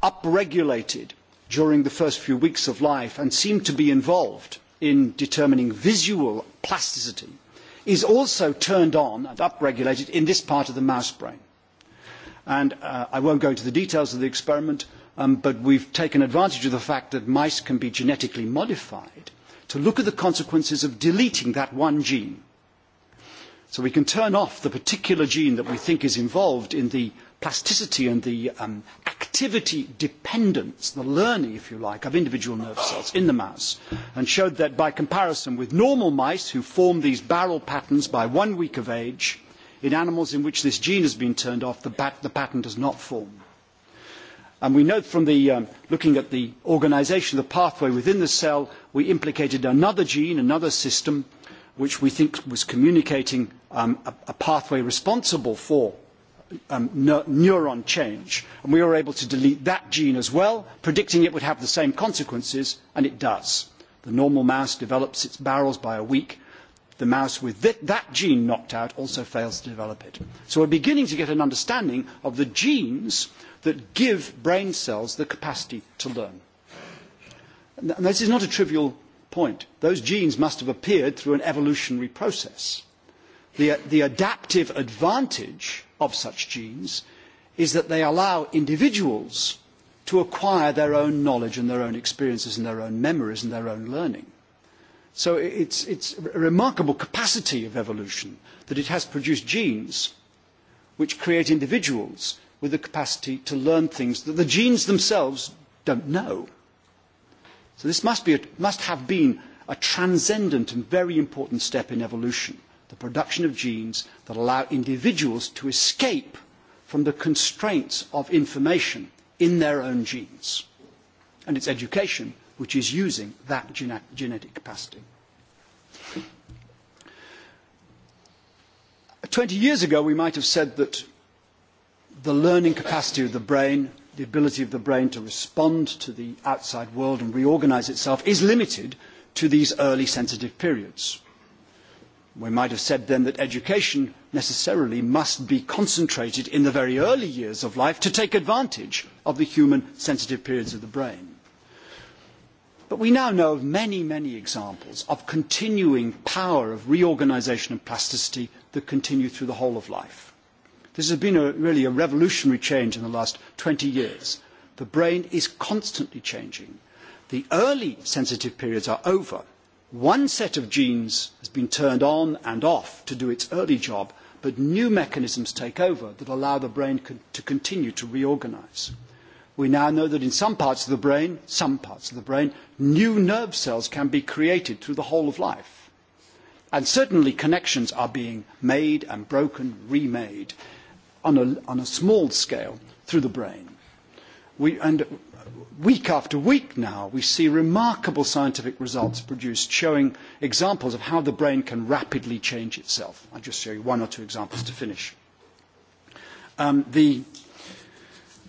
S2: upregulated during the first few weeks of life and seem to be involved in determining visual plasticity is also turned on and upregulated in this part of the mouse brain. And I won't go into the details of the experiment, but we've taken advantage of the fact that mice can be genetically modified to look at the consequences of deleting that one gene. So we can turn off the particular gene that we think is involved in the plasticity and the activity dependence, the learning, if you like, of individual nerve cells in the mouse, and showed that by comparison with normal mice who form these barrel patterns by one week of age, in animals in which this gene has been turned off, the, pattern does not form. And we note from looking at the organisation of the pathway within the cell, we implicated another gene, another system, which we think was communicating a pathway responsible for neuron change. And we were able to delete that gene as well, predicting it would have the same consequences, and it does. The normal mouse develops its barrels by a week. The mouse with that gene knocked out also fails to develop it. So we're beginning to get an understanding of the genes that give brain cells the capacity to learn. And this is not a trivial point. Those genes must have appeared through an evolutionary process The, adaptive advantage of such genes is that they allow individuals to acquire their own knowledge and their own experiences and their own memories and their own learning. So it's, it's a remarkable capacity of evolution that it has produced genes which create individuals with the capacity to learn things that the genes themselves don't know. So this must, be a, must have been a transcendent and very important step in evolution the production of genes that allow individuals to escape from the constraints of information in their own genes. And it's education which is using that genetic capacity. Twenty years ago, we might have said that the learning capacity of the brain, the ability of the brain to respond to the outside world and reorganise itself, is limited to these early sensitive periods. We might have said then that education necessarily must be concentrated in the very early years of life to take advantage of the human sensitive periods of the brain. But we now know of many, many examples of continuing power of reorganisation and plasticity that continue through the whole of life. This has been really a revolutionary change in the last twenty years. The brain is constantly changing. The early sensitive periods are over One set of genes has been turned on and off to do its early job, but new mechanisms take over that allow the brain to continue to reorganise. We now know that in some parts of the brain, some parts of the brain, new nerve cells can be created through the whole of life. And certainly connections are being made and broken, remade on a, small scale through the brain. We, and week after week now, we see remarkable scientific results produced showing examples of how the brain can rapidly change itself. I'll just show you one or two examples to finish. the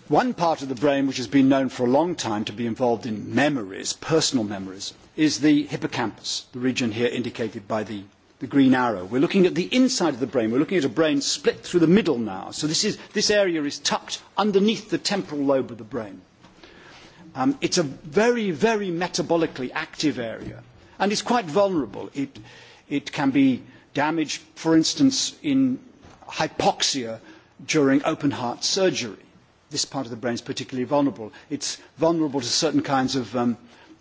S2: one part of the brain which has been known for a long time to be involved in memories, personal memories, is the hippocampus, the region here indicated by the, the green arrow. We're looking at the inside of the brain. We're looking at a brain split through the middle now. So this, is, this area is tucked underneath the temporal lobe of the brain. It is a very, very metabolically active area, and it is quite vulnerable. It, can be damaged, for instance, in hypoxia during open heart surgery. This part of the brain is particularly vulnerable. It is vulnerable to certain kinds of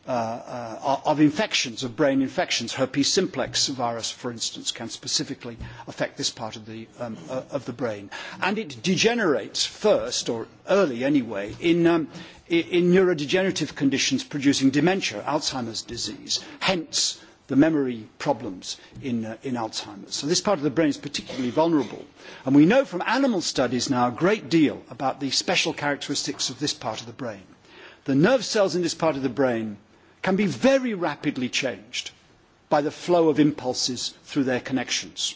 S2: of infections, of brain infections. Herpes simplex virus, for instance, can specifically affect this part of the, brain. And it degenerates first, or early anyway, in, neurodegenerative conditions producing dementia, Alzheimer's disease, hence the memory problems in, Alzheimer's. So this part of the brain is particularly vulnerable. And we know from animal studies now a great deal about the special characteristics of this part of the brain. The nerve cells in this part of the brain can be very rapidly changed by the flow of impulses through their connections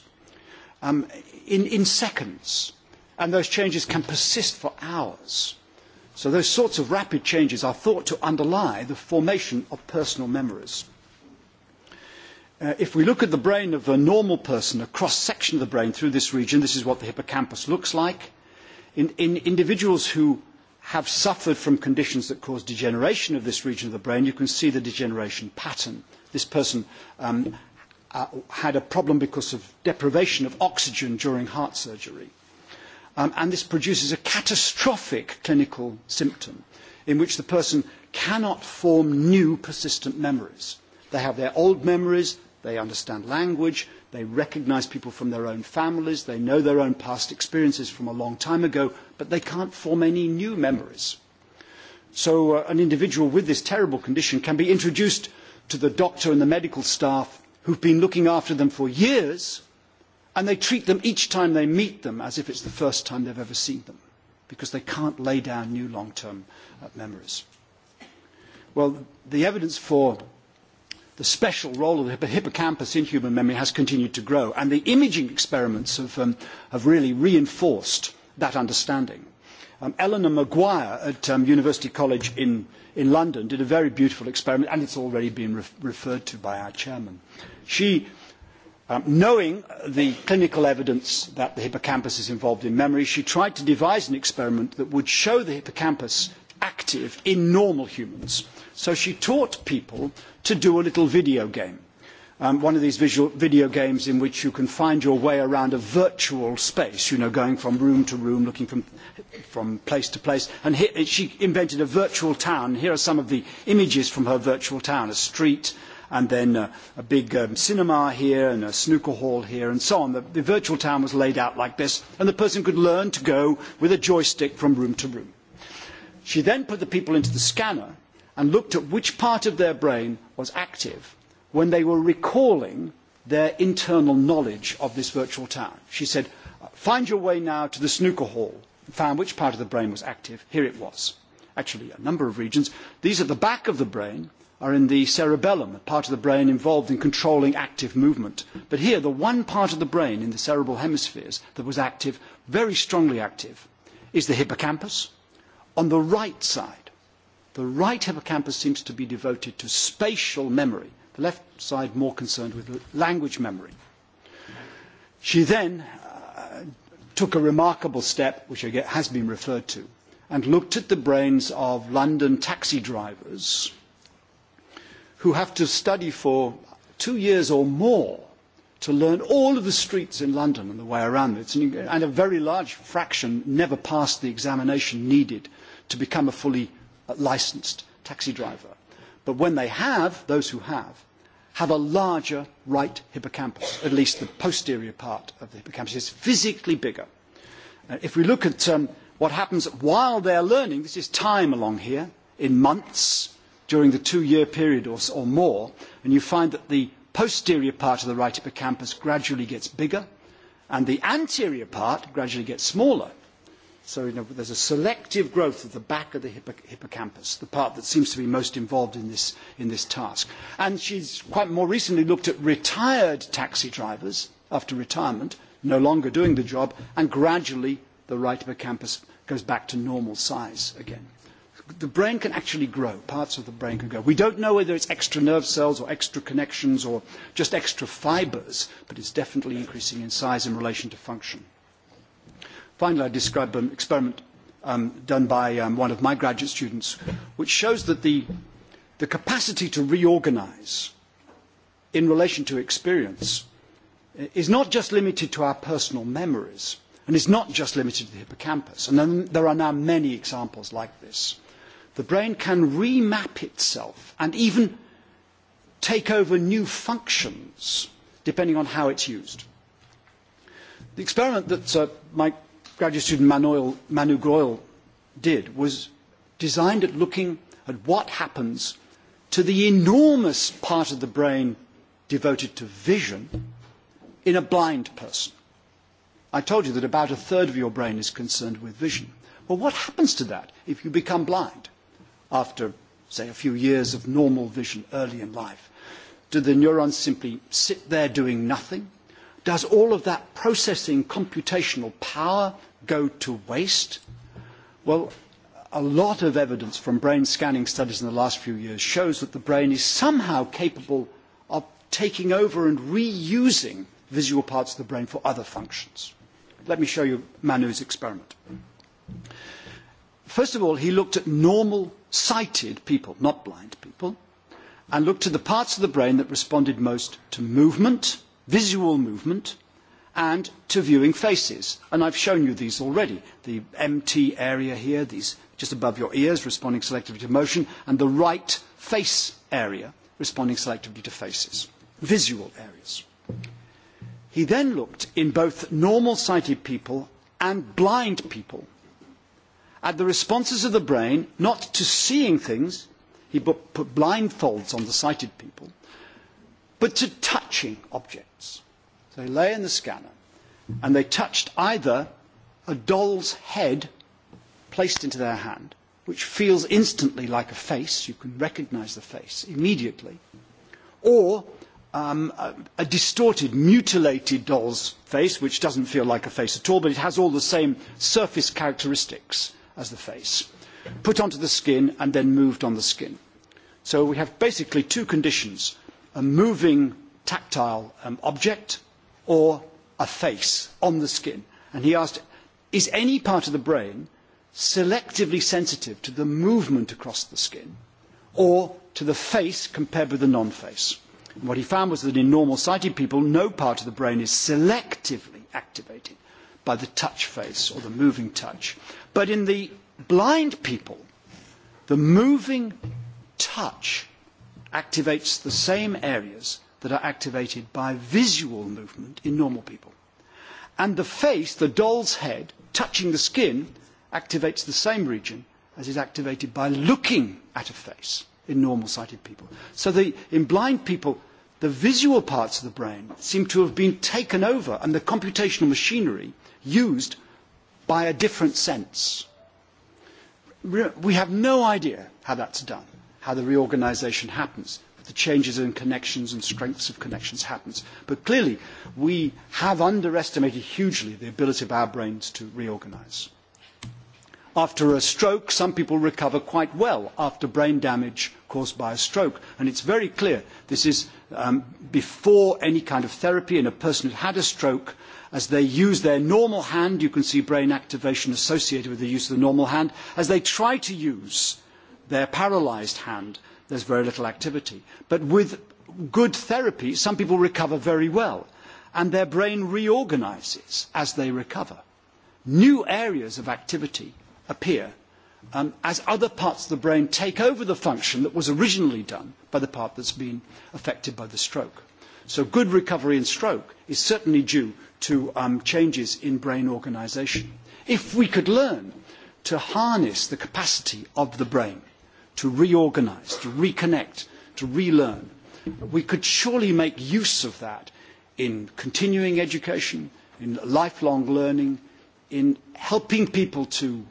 S2: in, seconds, and those changes can persist for hours. So those sorts of rapid changes are thought to underlie the formation of personal memories. if we look at the brain of a normal person, a cross-section of the brain through this region, this is what the hippocampus looks like. In, individuals who have suffered from conditions that cause degeneration of this region of the brain, you can see the degeneration pattern. This person had a problem because of deprivation of oxygen during heart surgery. and this produces a catastrophic clinical symptom in which the person cannot form new persistent memories. They have their old memories, they understand language, They recognise people from their own families. They know their own past experiences from a long time ago, but they can't form any new memories. So an individual with this terrible condition can be introduced to the doctor and the medical staff who have been looking after them for years, and they treat them each time they meet them as if it is the first time they have ever seen them, because they can't lay down new long-term memories. Well, the evidence for the special role of the hippocampus in human memory has continued to grow, and the imaging experiments have, really reinforced that understanding. Eleanor Maguire at University College in, London did a very beautiful experiment, and it's already been referred to by our chairman. She, knowing the clinical evidence that the hippocampus is involved in memory, she tried to devise an experiment that would show the hippocampus active in normal humans So she taught people to do a little video game. one of these visual video games in which you can find your way around a virtual space, you know, going from room to room, looking from, from place to place. And here, she invented a virtual town. Here are some of the images from her virtual town, a street, and then a, big cinema here and a snooker hall here and so on. The, the virtual town was laid out like this, and the person could learn to go with a joystick from room to room. She then put the people into the scanner and looked at which part of their brain was active when they were recalling their internal knowledge of this virtual town. She said, find your way now to the snooker hall, and found which part of the brain was active. Here it was. Actually, a number of regions. These at the back of the brain are in the cerebellum, a part of the brain involved in controlling active movement. But here, the one part of the brain in the cerebral hemispheres that was active, very strongly active, is the hippocampus on the right side The right hippocampus seems to be devoted to spatial memory, the left side more concerned with language memory. She then took a remarkable step, which has been referred to, and looked at the brains of London taxi drivers who have to study for two years or more to learn all of the streets in London and the way around it. And a very large fraction never pass the examination needed to become a fully licensed taxi driver. But when they have, those who have, have a larger right hippocampus, at least the posterior part of the hippocampus is physically bigger. if we look at what happens while they're learning, this is time along here, in months, during the two-year period or, or more, and you find that the posterior part of the right hippocampus gradually gets bigger, and the anterior part gradually gets smaller So there's a selective growth of the back of the hippocampus, the part that seems to be most involved in this, in this task. And she's quite more recently looked at retired taxi drivers after retirement, no longer doing the job, and gradually the right hippocampus goes back to normal size again. The brain can actually grow. Parts of the brain can grow. We don't know whether it's extra nerve cells or extra connections or just extra fibers, but it's definitely increasing in size in relation to function. Finally, I described an experiment done by one of my graduate students, which shows that the, the capacity to reorganise in relation to experience is not just limited to our personal memories and is not just limited to the hippocampus. And then there are now many examples like this. The brain can remap itself and even take over new functions depending on how it's used. The experiment that my graduate student Manuel, Manu Groel did was designed at looking at what happens to the enormous part of the brain devoted to vision in a blind person. I told you that about a third of your brain is concerned with vision. Well, what happens to that if you become blind after, say, a few years of normal vision early in life? Do the neurons simply sit there doing nothing? Does all of that processing computational power go to waste? Well, a lot of evidence from brain scanning studies in the last few years shows that the brain is somehow capable of taking over and reusing visual parts of the brain for other functions. Let me show you Manu's experiment. First of all, he looked at normal sighted people, not blind people, and looked at the parts of the brain that responded most to movement, visual movement and to viewing faces. And I've shown you these already. The MT area here, these just above your ears, responding selectively to motion, and the right face area, responding selectively to faces. Visual areas. He then looked in both normal sighted people and blind people at the responses of the brain, not to seeing things, he put blindfolds on the sighted people, but to touching objects. They lay in the scanner and they touched either a doll's head placed into their hand, which feels instantly like a face, you can recognize the face immediately, or um, a, a distorted, mutilated doll's face, which doesn't feel like a face at all, but it has all the same surface characteristics as the face, put onto the skin and then moved on the skin. So we have basically two conditions a moving tactile object or a face on the skin. And he asked, is any part of the brain selectively sensitive to the movement across the skin or to the face compared with the non-face? What he found was that in normal sighted people, no part of the brain is selectively activated by the touch face or the moving touch. But in the blind people, the moving touch activates the same areas that are activated by visual movement in normal people. And the face, the doll's head, touching the skin, activates the same region as is activated by looking at a face in normal sighted people. So the, in blind people, the visual parts of the brain seem to have been taken over and the computational machinery used by a different sense. We have no idea how that's done how the reorganisation happens, the changes in connections and strengths of connections happens. But clearly, we have underestimated hugely the ability of our brains to reorganise. After a stroke, some people recover quite well after brain damage caused by a stroke. And it's very clear this is before any kind of therapy in a person who had a stroke. As they use their normal hand, you can see brain activation associated with the use of the normal hand. As they try to use their paralysed hand, there is very little activity. But with good therapy, some people recover very well, and their brain reorganises as they recover. New areas of activity appear as other parts of the brain take over the function that was originally done by the part that has been affected by the stroke. So good recovery in stroke is certainly due to changes in brain organisation. If we could learn to harness the capacity of the brain to reorganise, to reconnect, to relearn. We could surely make use of that in continuing education, in lifelong learning, in helping people to,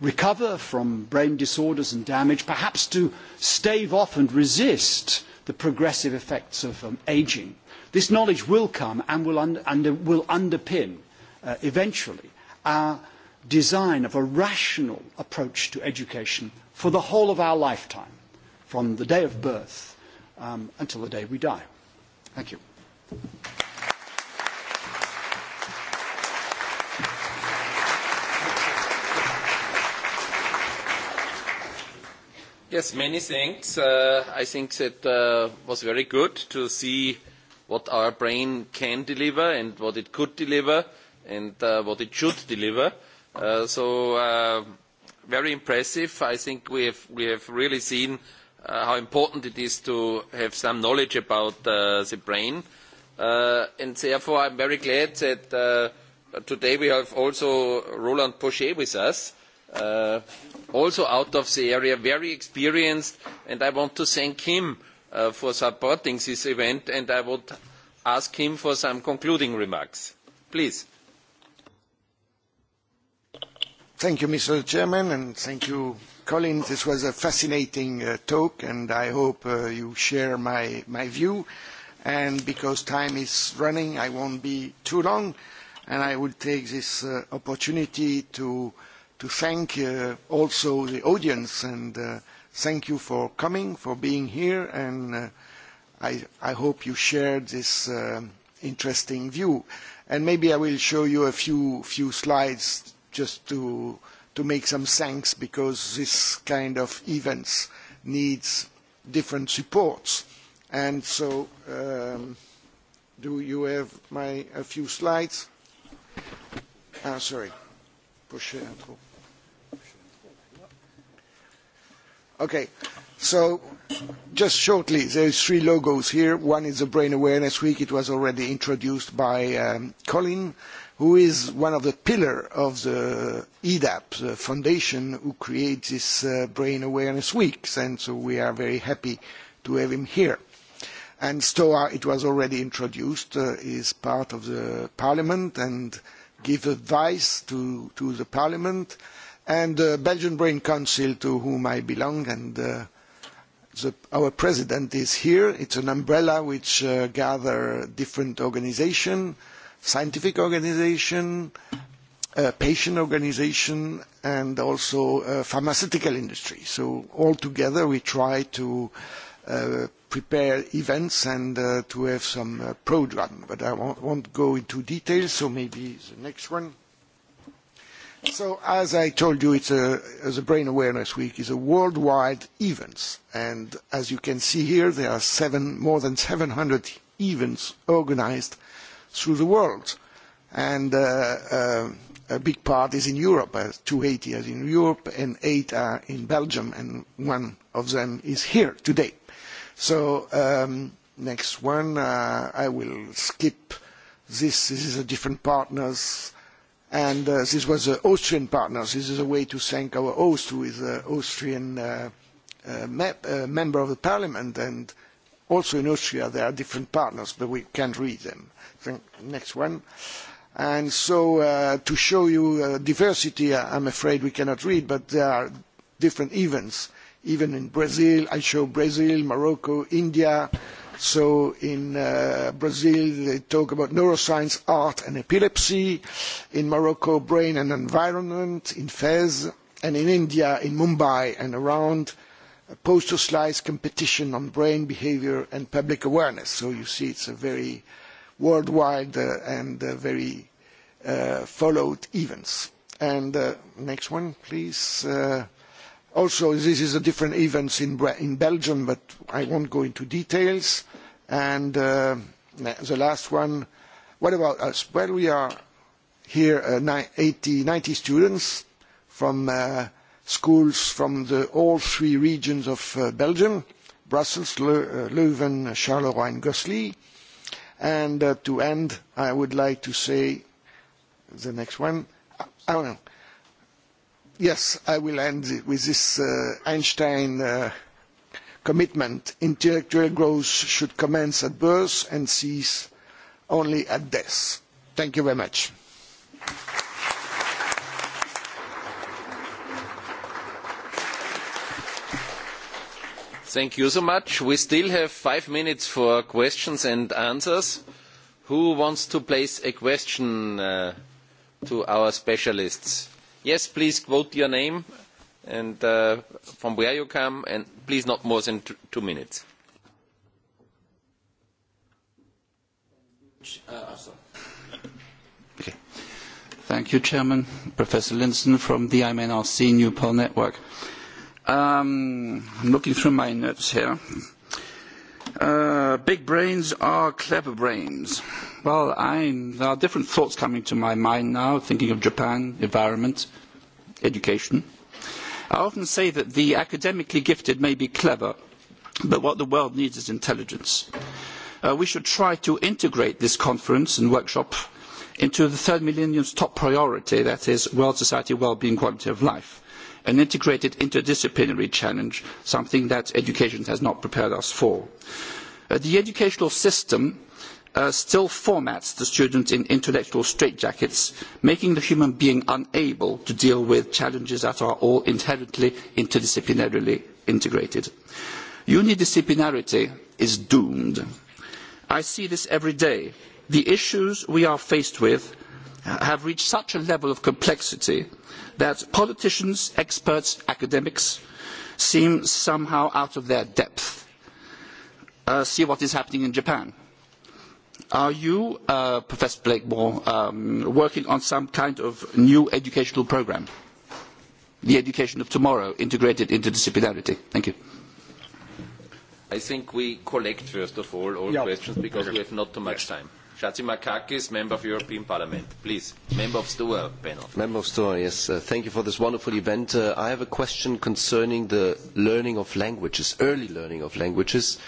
S2: recover from brain disorders and damage, perhaps to stave off and resist the progressive effects of ageing. This knowledge will come and will, underpin eventually our design of a rational approach to education for the whole of our lifetime, from the day of birth um, until the day we die. Thank you.
S1: Yes, many thanks. Uh, I think that uh, was very good to see what our brain can deliver and what it could deliver and uh, what it should deliver. Uh, so uh, very impressive. I think we have really seen how important it is to have some knowledge about the brain. and Therefore, I'm very glad that today we have also Roland Pochet with us, also out of the area, very experienced, and I want to thank him for supporting this event, and I would ask him for some concluding remarks. Please.
S4: Thank you, Mr. Chairman, and thank you, Colin. This was a fascinating uh, talk, and I hope uh, you share my, my view. And because time is running, I won't be too long, and I will take this uh, opportunity to, to thank uh, also the audience, and uh, thank you for coming, for being here, and uh, I, I hope you shared this uh, interesting view. And maybe I will show you a few, few slides just to to make some sense because this kind of events needs different supports. And so, um, do you have my a few slides? Ah, sorry. push intro. Okay, so just shortly, there are three logos here. One is the Brain Awareness Week. It was already introduced by um, Colin who is one of the pillars of the EDAP, the foundation who creates this Brain Awareness Week, and so we are very happy to have him here. And STOA, it was already introduced, is part of the Parliament and gives advice to, to the Parliament, and the Belgian Brain Council, to whom I belong, and our president is here. It's an umbrella which gathers different organisations scientific organization, uh, patient organization, and also uh, pharmaceutical industry. So all together we try to uh, prepare events and uh, to have some uh, program. But I won't, won't go into details, so maybe the next one. So as I told you, it's a, as a Brain Awareness Week is a worldwide event. And as you can see here, there are seven, more than 700 events organized uh, through the world. And a big part is in Europe, uh, 280 are in Europe, and eight are in Belgium, and one of them is here today. So um, next one, uh, I will skip this. This is a different partners, and uh, this was the Austrian partners. This is a way to thank our host, who is an Austrian uh, uh, member of the parliament, and uh, Also in Austria, there are different partners, but we can't read them. Next one. And so to show you diversity, I am afraid we cannot read, but there are different events. Even in Brazil, I show Brazil, Morocco, India. So in Brazil, they talk about neuroscience, art, and epilepsy. In Morocco, brain and environment. In Fez, and in India, in Mumbai and around poster slice competition on brain behaviour and public awareness. So you see it's a very worldwide and very followed events. And next one, please. also, this is a different event in, in Belgium, but I won't go into details. And the last one, what about us? Well, we are here uh, 90 students from schools from all three regions of Belgium, Brussels, Leuven, Charleroi and Gosselies. And to end, I would like to say the next one. Oh, no. Yes, I will end with this Einstein commitment. Intellectual growth should commence at birth and cease only at death. Thank you very much.
S1: Thank you so much. We still have five minutes for questions and answers. Who wants to place a question to our specialists? Yes, please quote your name and from where you come, and please not more than two minutes.
S3: Thank you, Chairman. Professor Linson from the IMNRC Newport Network. I'm looking through my notes here. Uh, big brains are clever brains. Well, I'm, there are different thoughts coming to my mind now, thinking of Japan, environment, education. I often say that the academically gifted may be clever, but what the world needs is intelligence. we should try to integrate this conference and workshop into the third millennium's top priority, that is, world society, well-being, quality of life an integrated interdisciplinary challenge, something that education has not prepared us for. the educational system still formats the student in intellectual straitjackets, making the human being unable to deal with challenges that are all inherently interdisciplinarily integrated. Unidisciplinarity is doomed. I see this every day. The issues we are faced with have reached such a level of complexity that politicians, experts, academics seem somehow out of their depth. see what is happening in Japan. Are you, Professor Blakemore, working on some kind of new educational programme? The education of tomorrow, integrated interdisciplinarity. Thank you.
S1: I think we collect, first of all, all questions because we have not too much time. Chatzimarkakis, Member of European Parliament. Please, Member of Stua panel. Member of Stua, yes. thank you for this wonderful event. I have a question concerning the learning of languages, early learning of languages.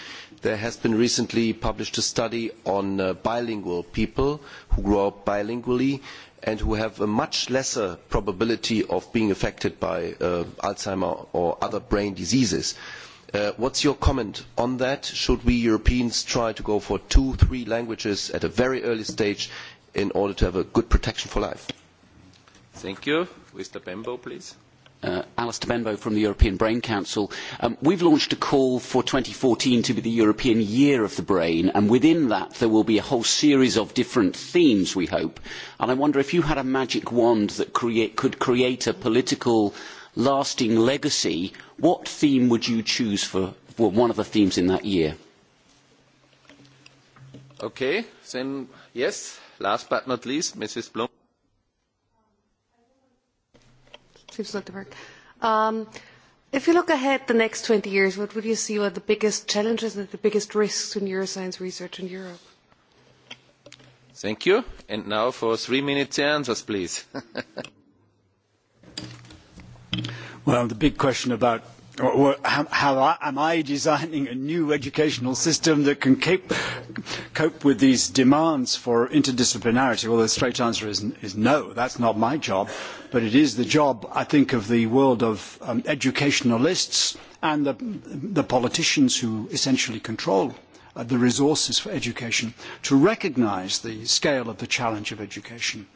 S1: There has been recently published a study on bilingual people who grow up bilingually and who have a much lesser probability of being affected by Alzheimer or other brain diseases. Uh, What is your comment on that? Should we Europeans try to go for two, or three languages at a very early stage in order to have a good protection for life? Thank you. Mr. Bembo, please.
S3: Alistair Benbow from the European Brain Council.
S2: We have launched a call for fourteen to be the European Year of the Brain, and within that there will be a whole series of different themes, we hope. And I wonder if you had a magic wand that could create a political lasting legacy, what theme would you choose for, one of the themes in that year?
S1: Okay, then yes, last but not least, Mrs. Blum. Um, if you look ahead the
S4: next twenty years, what would you see are the biggest challenges and the biggest risks in neuroscience research in Europe?
S1: Thank you. And now for three-minute answers, please.
S2: Well, the big question about how am I designing a new educational system that can cope with these demands for interdisciplinarity? Well, the straight answer is, no. That's not my job, but it is the job, I think, of the world of educationalists and the, the politicians who essentially control the resources for education to recognise the scale of the challenge of education.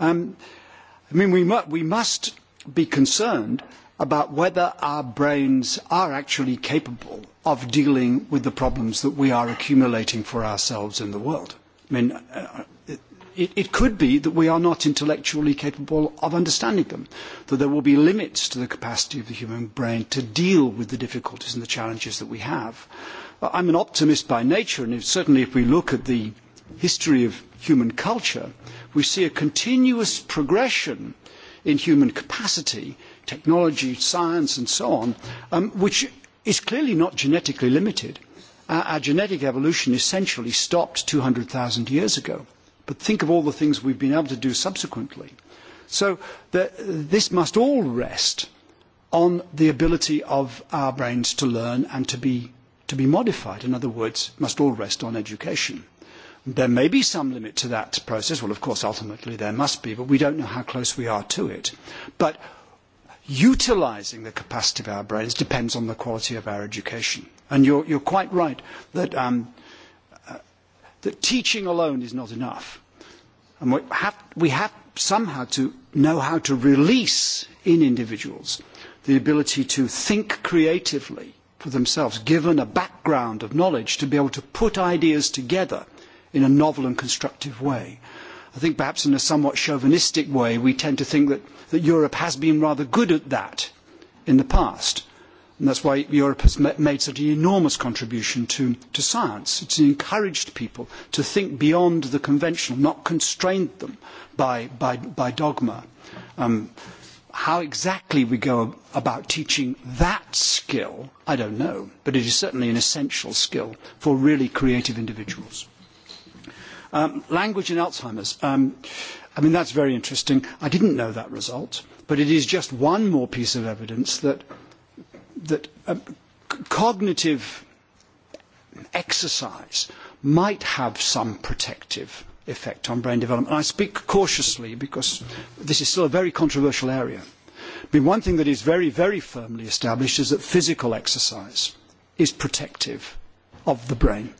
S2: I mean, we mu we must be concerned about whether our brains are actually capable of dealing with the problems that we are accumulating for ourselves in the world. I mean, it, it could be that we are not intellectually capable of understanding them, that there will be limits to the capacity of the human brain to deal with the difficulties and the challenges that we have. I'm an optimist by nature, and if, certainly if we look at the history of human culture, we see a continuous progression in human capacity, technology, science, and so on, which is clearly not genetically limited. our genetic evolution essentially stopped two hundred 200,000 years ago. But think of all the things we have been able to do subsequently. So this must all rest on the ability of our brains to learn and to be, to be modified. In other words, must all rest on education. There may be some limit to that process. Well, of course, ultimately there must be, but we don't know how close we are to it. But utilising the capacity of our brains depends on the quality of our education. And you're, you're quite right that, um, uh, that teaching alone is not enough. And we have, we have somehow to know how to release in individuals the ability to think creatively for themselves, given a background of knowledge, to be able to put ideas together in a novel and constructive way. I think perhaps in a somewhat chauvinistic way, we tend to think that, that Europe has been rather good at that in the past. And that's why Europe has made such an enormous contribution to, to science. It's encouraged people to think beyond the conventional, not constrained them by, by, by dogma. Um, how exactly we go about teaching that skill, I don't know, but it is certainly an essential skill for really creative individuals language in Alzheimer's. I mean, that's very interesting. I didn't know that result, but it is just one more piece of evidence that, that cognitive exercise might have some protective effect on brain development. I speak cautiously because this is still a very controversial area. I mean, one thing that is very, very firmly established is that physical exercise is protective of the brain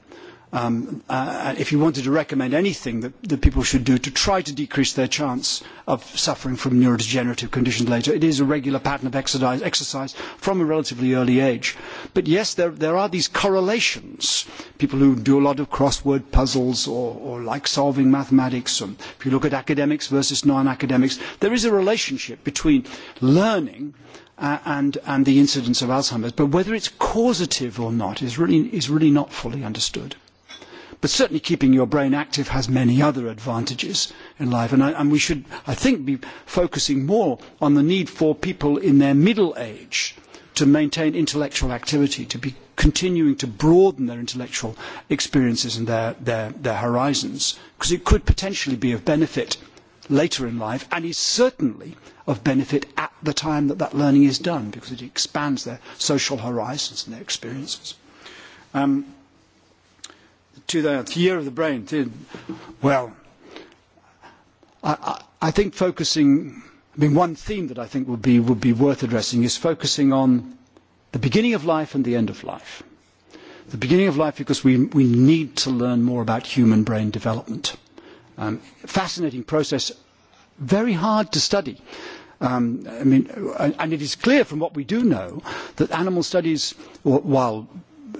S2: if you wanted to recommend anything that, people should do to try to decrease their chance of suffering from neurodegenerative conditions later, it is a regular pattern of exercise, from a relatively early age. But yes, there, are these correlations. People who do a lot of crossword puzzles or, like solving mathematics, and if you look at academics versus non-academics, there is a relationship between learning and, and the incidence of Alzheimer's. But whether it's causative or not is really, is really not fully understood. But certainly keeping your brain active has many other advantages in life. And, I, and we should, I think, be focusing more on the need for people in their middle age to maintain intellectual activity, to be continuing to broaden their intellectual experiences and their, their, their horizons, because it could potentially be of benefit later in life and is certainly of benefit at the time that that learning is done because it expands their social horizons and their experiences. Um, to the year of the brain. To, well, I, I think focusing, I mean, one theme that I think would be, would be worth addressing is focusing on the beginning of life and the end of life. The beginning of life because we, we need to learn more about human brain development. Um, fascinating process, very hard to study. Um, I mean, and it is clear from what we do know that animal studies, while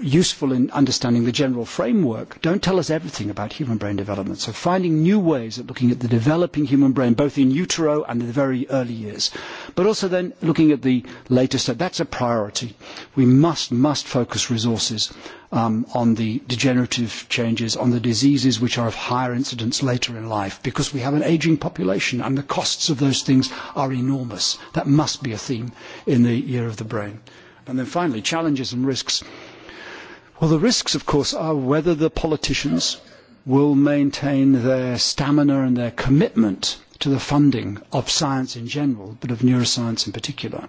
S2: useful in understanding the general framework, don't tell us everything about human brain development. So finding new ways of looking at the developing human brain, both in utero and in the very early years, but also then looking at the later stuff, That's a priority. We must, must focus resources on the degenerative changes, on the diseases which are of higher incidence later in life, because we have an ageing population and the costs of those things are enormous. That must be a theme in the year of the brain. And then finally, challenges and risks. Well, the risks, of course, are whether the politicians will maintain their stamina and their commitment to the funding of science in general, but of neuroscience in particular.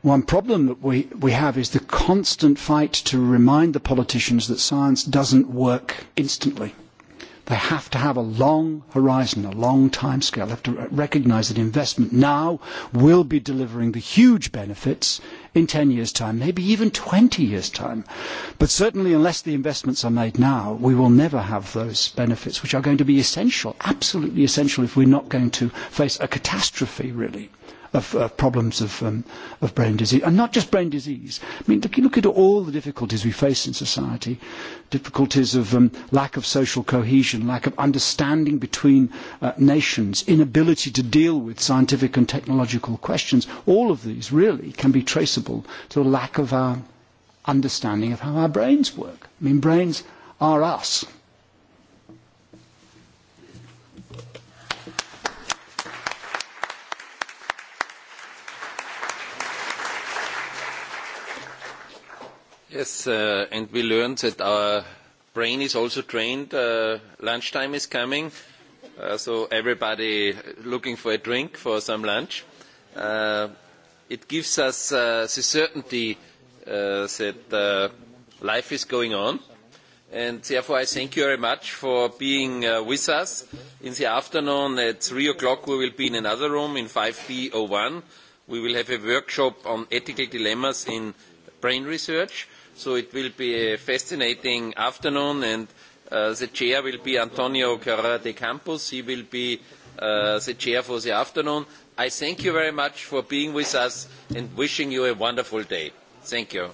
S2: One problem that we, we have is the constant fight to remind the politicians that science doesn't work instantly. They have to have a long horizon, a long time scale. They have to recognise that investment now will be delivering the huge benefits in ten years' time, maybe even twenty years' time. But certainly, unless the investments are made now, we will never have those benefits, which are going to be essential, absolutely essential, if we're not going to face a catastrophe, really of, of problems of, um, of brain disease. And not just brain disease. I mean, look, look at all the difficulties we face in society. Difficulties of um, lack of social cohesion, lack of understanding between uh, nations, inability to deal with scientific and technological questions. All of these really can be traceable to a lack of our understanding of how our brains work. I mean, brains are us
S1: Yes, uh, and we learned that our brain is also trained. Uh, lunchtime is coming, uh, so everybody looking for a drink for some lunch. Uh, it gives us uh, the certainty uh, that uh, life is going on. And therefore, I thank you very much for being uh, with us. In the afternoon at 3 o'clock, we will be in another room in 5B01. We will have a workshop on ethical dilemmas in brain research So it will be a fascinating afternoon and the chair will be Antonio Carrera de Campos. He will be the chair for the afternoon. I thank you very much for being with us and wishing you a wonderful day. Thank you.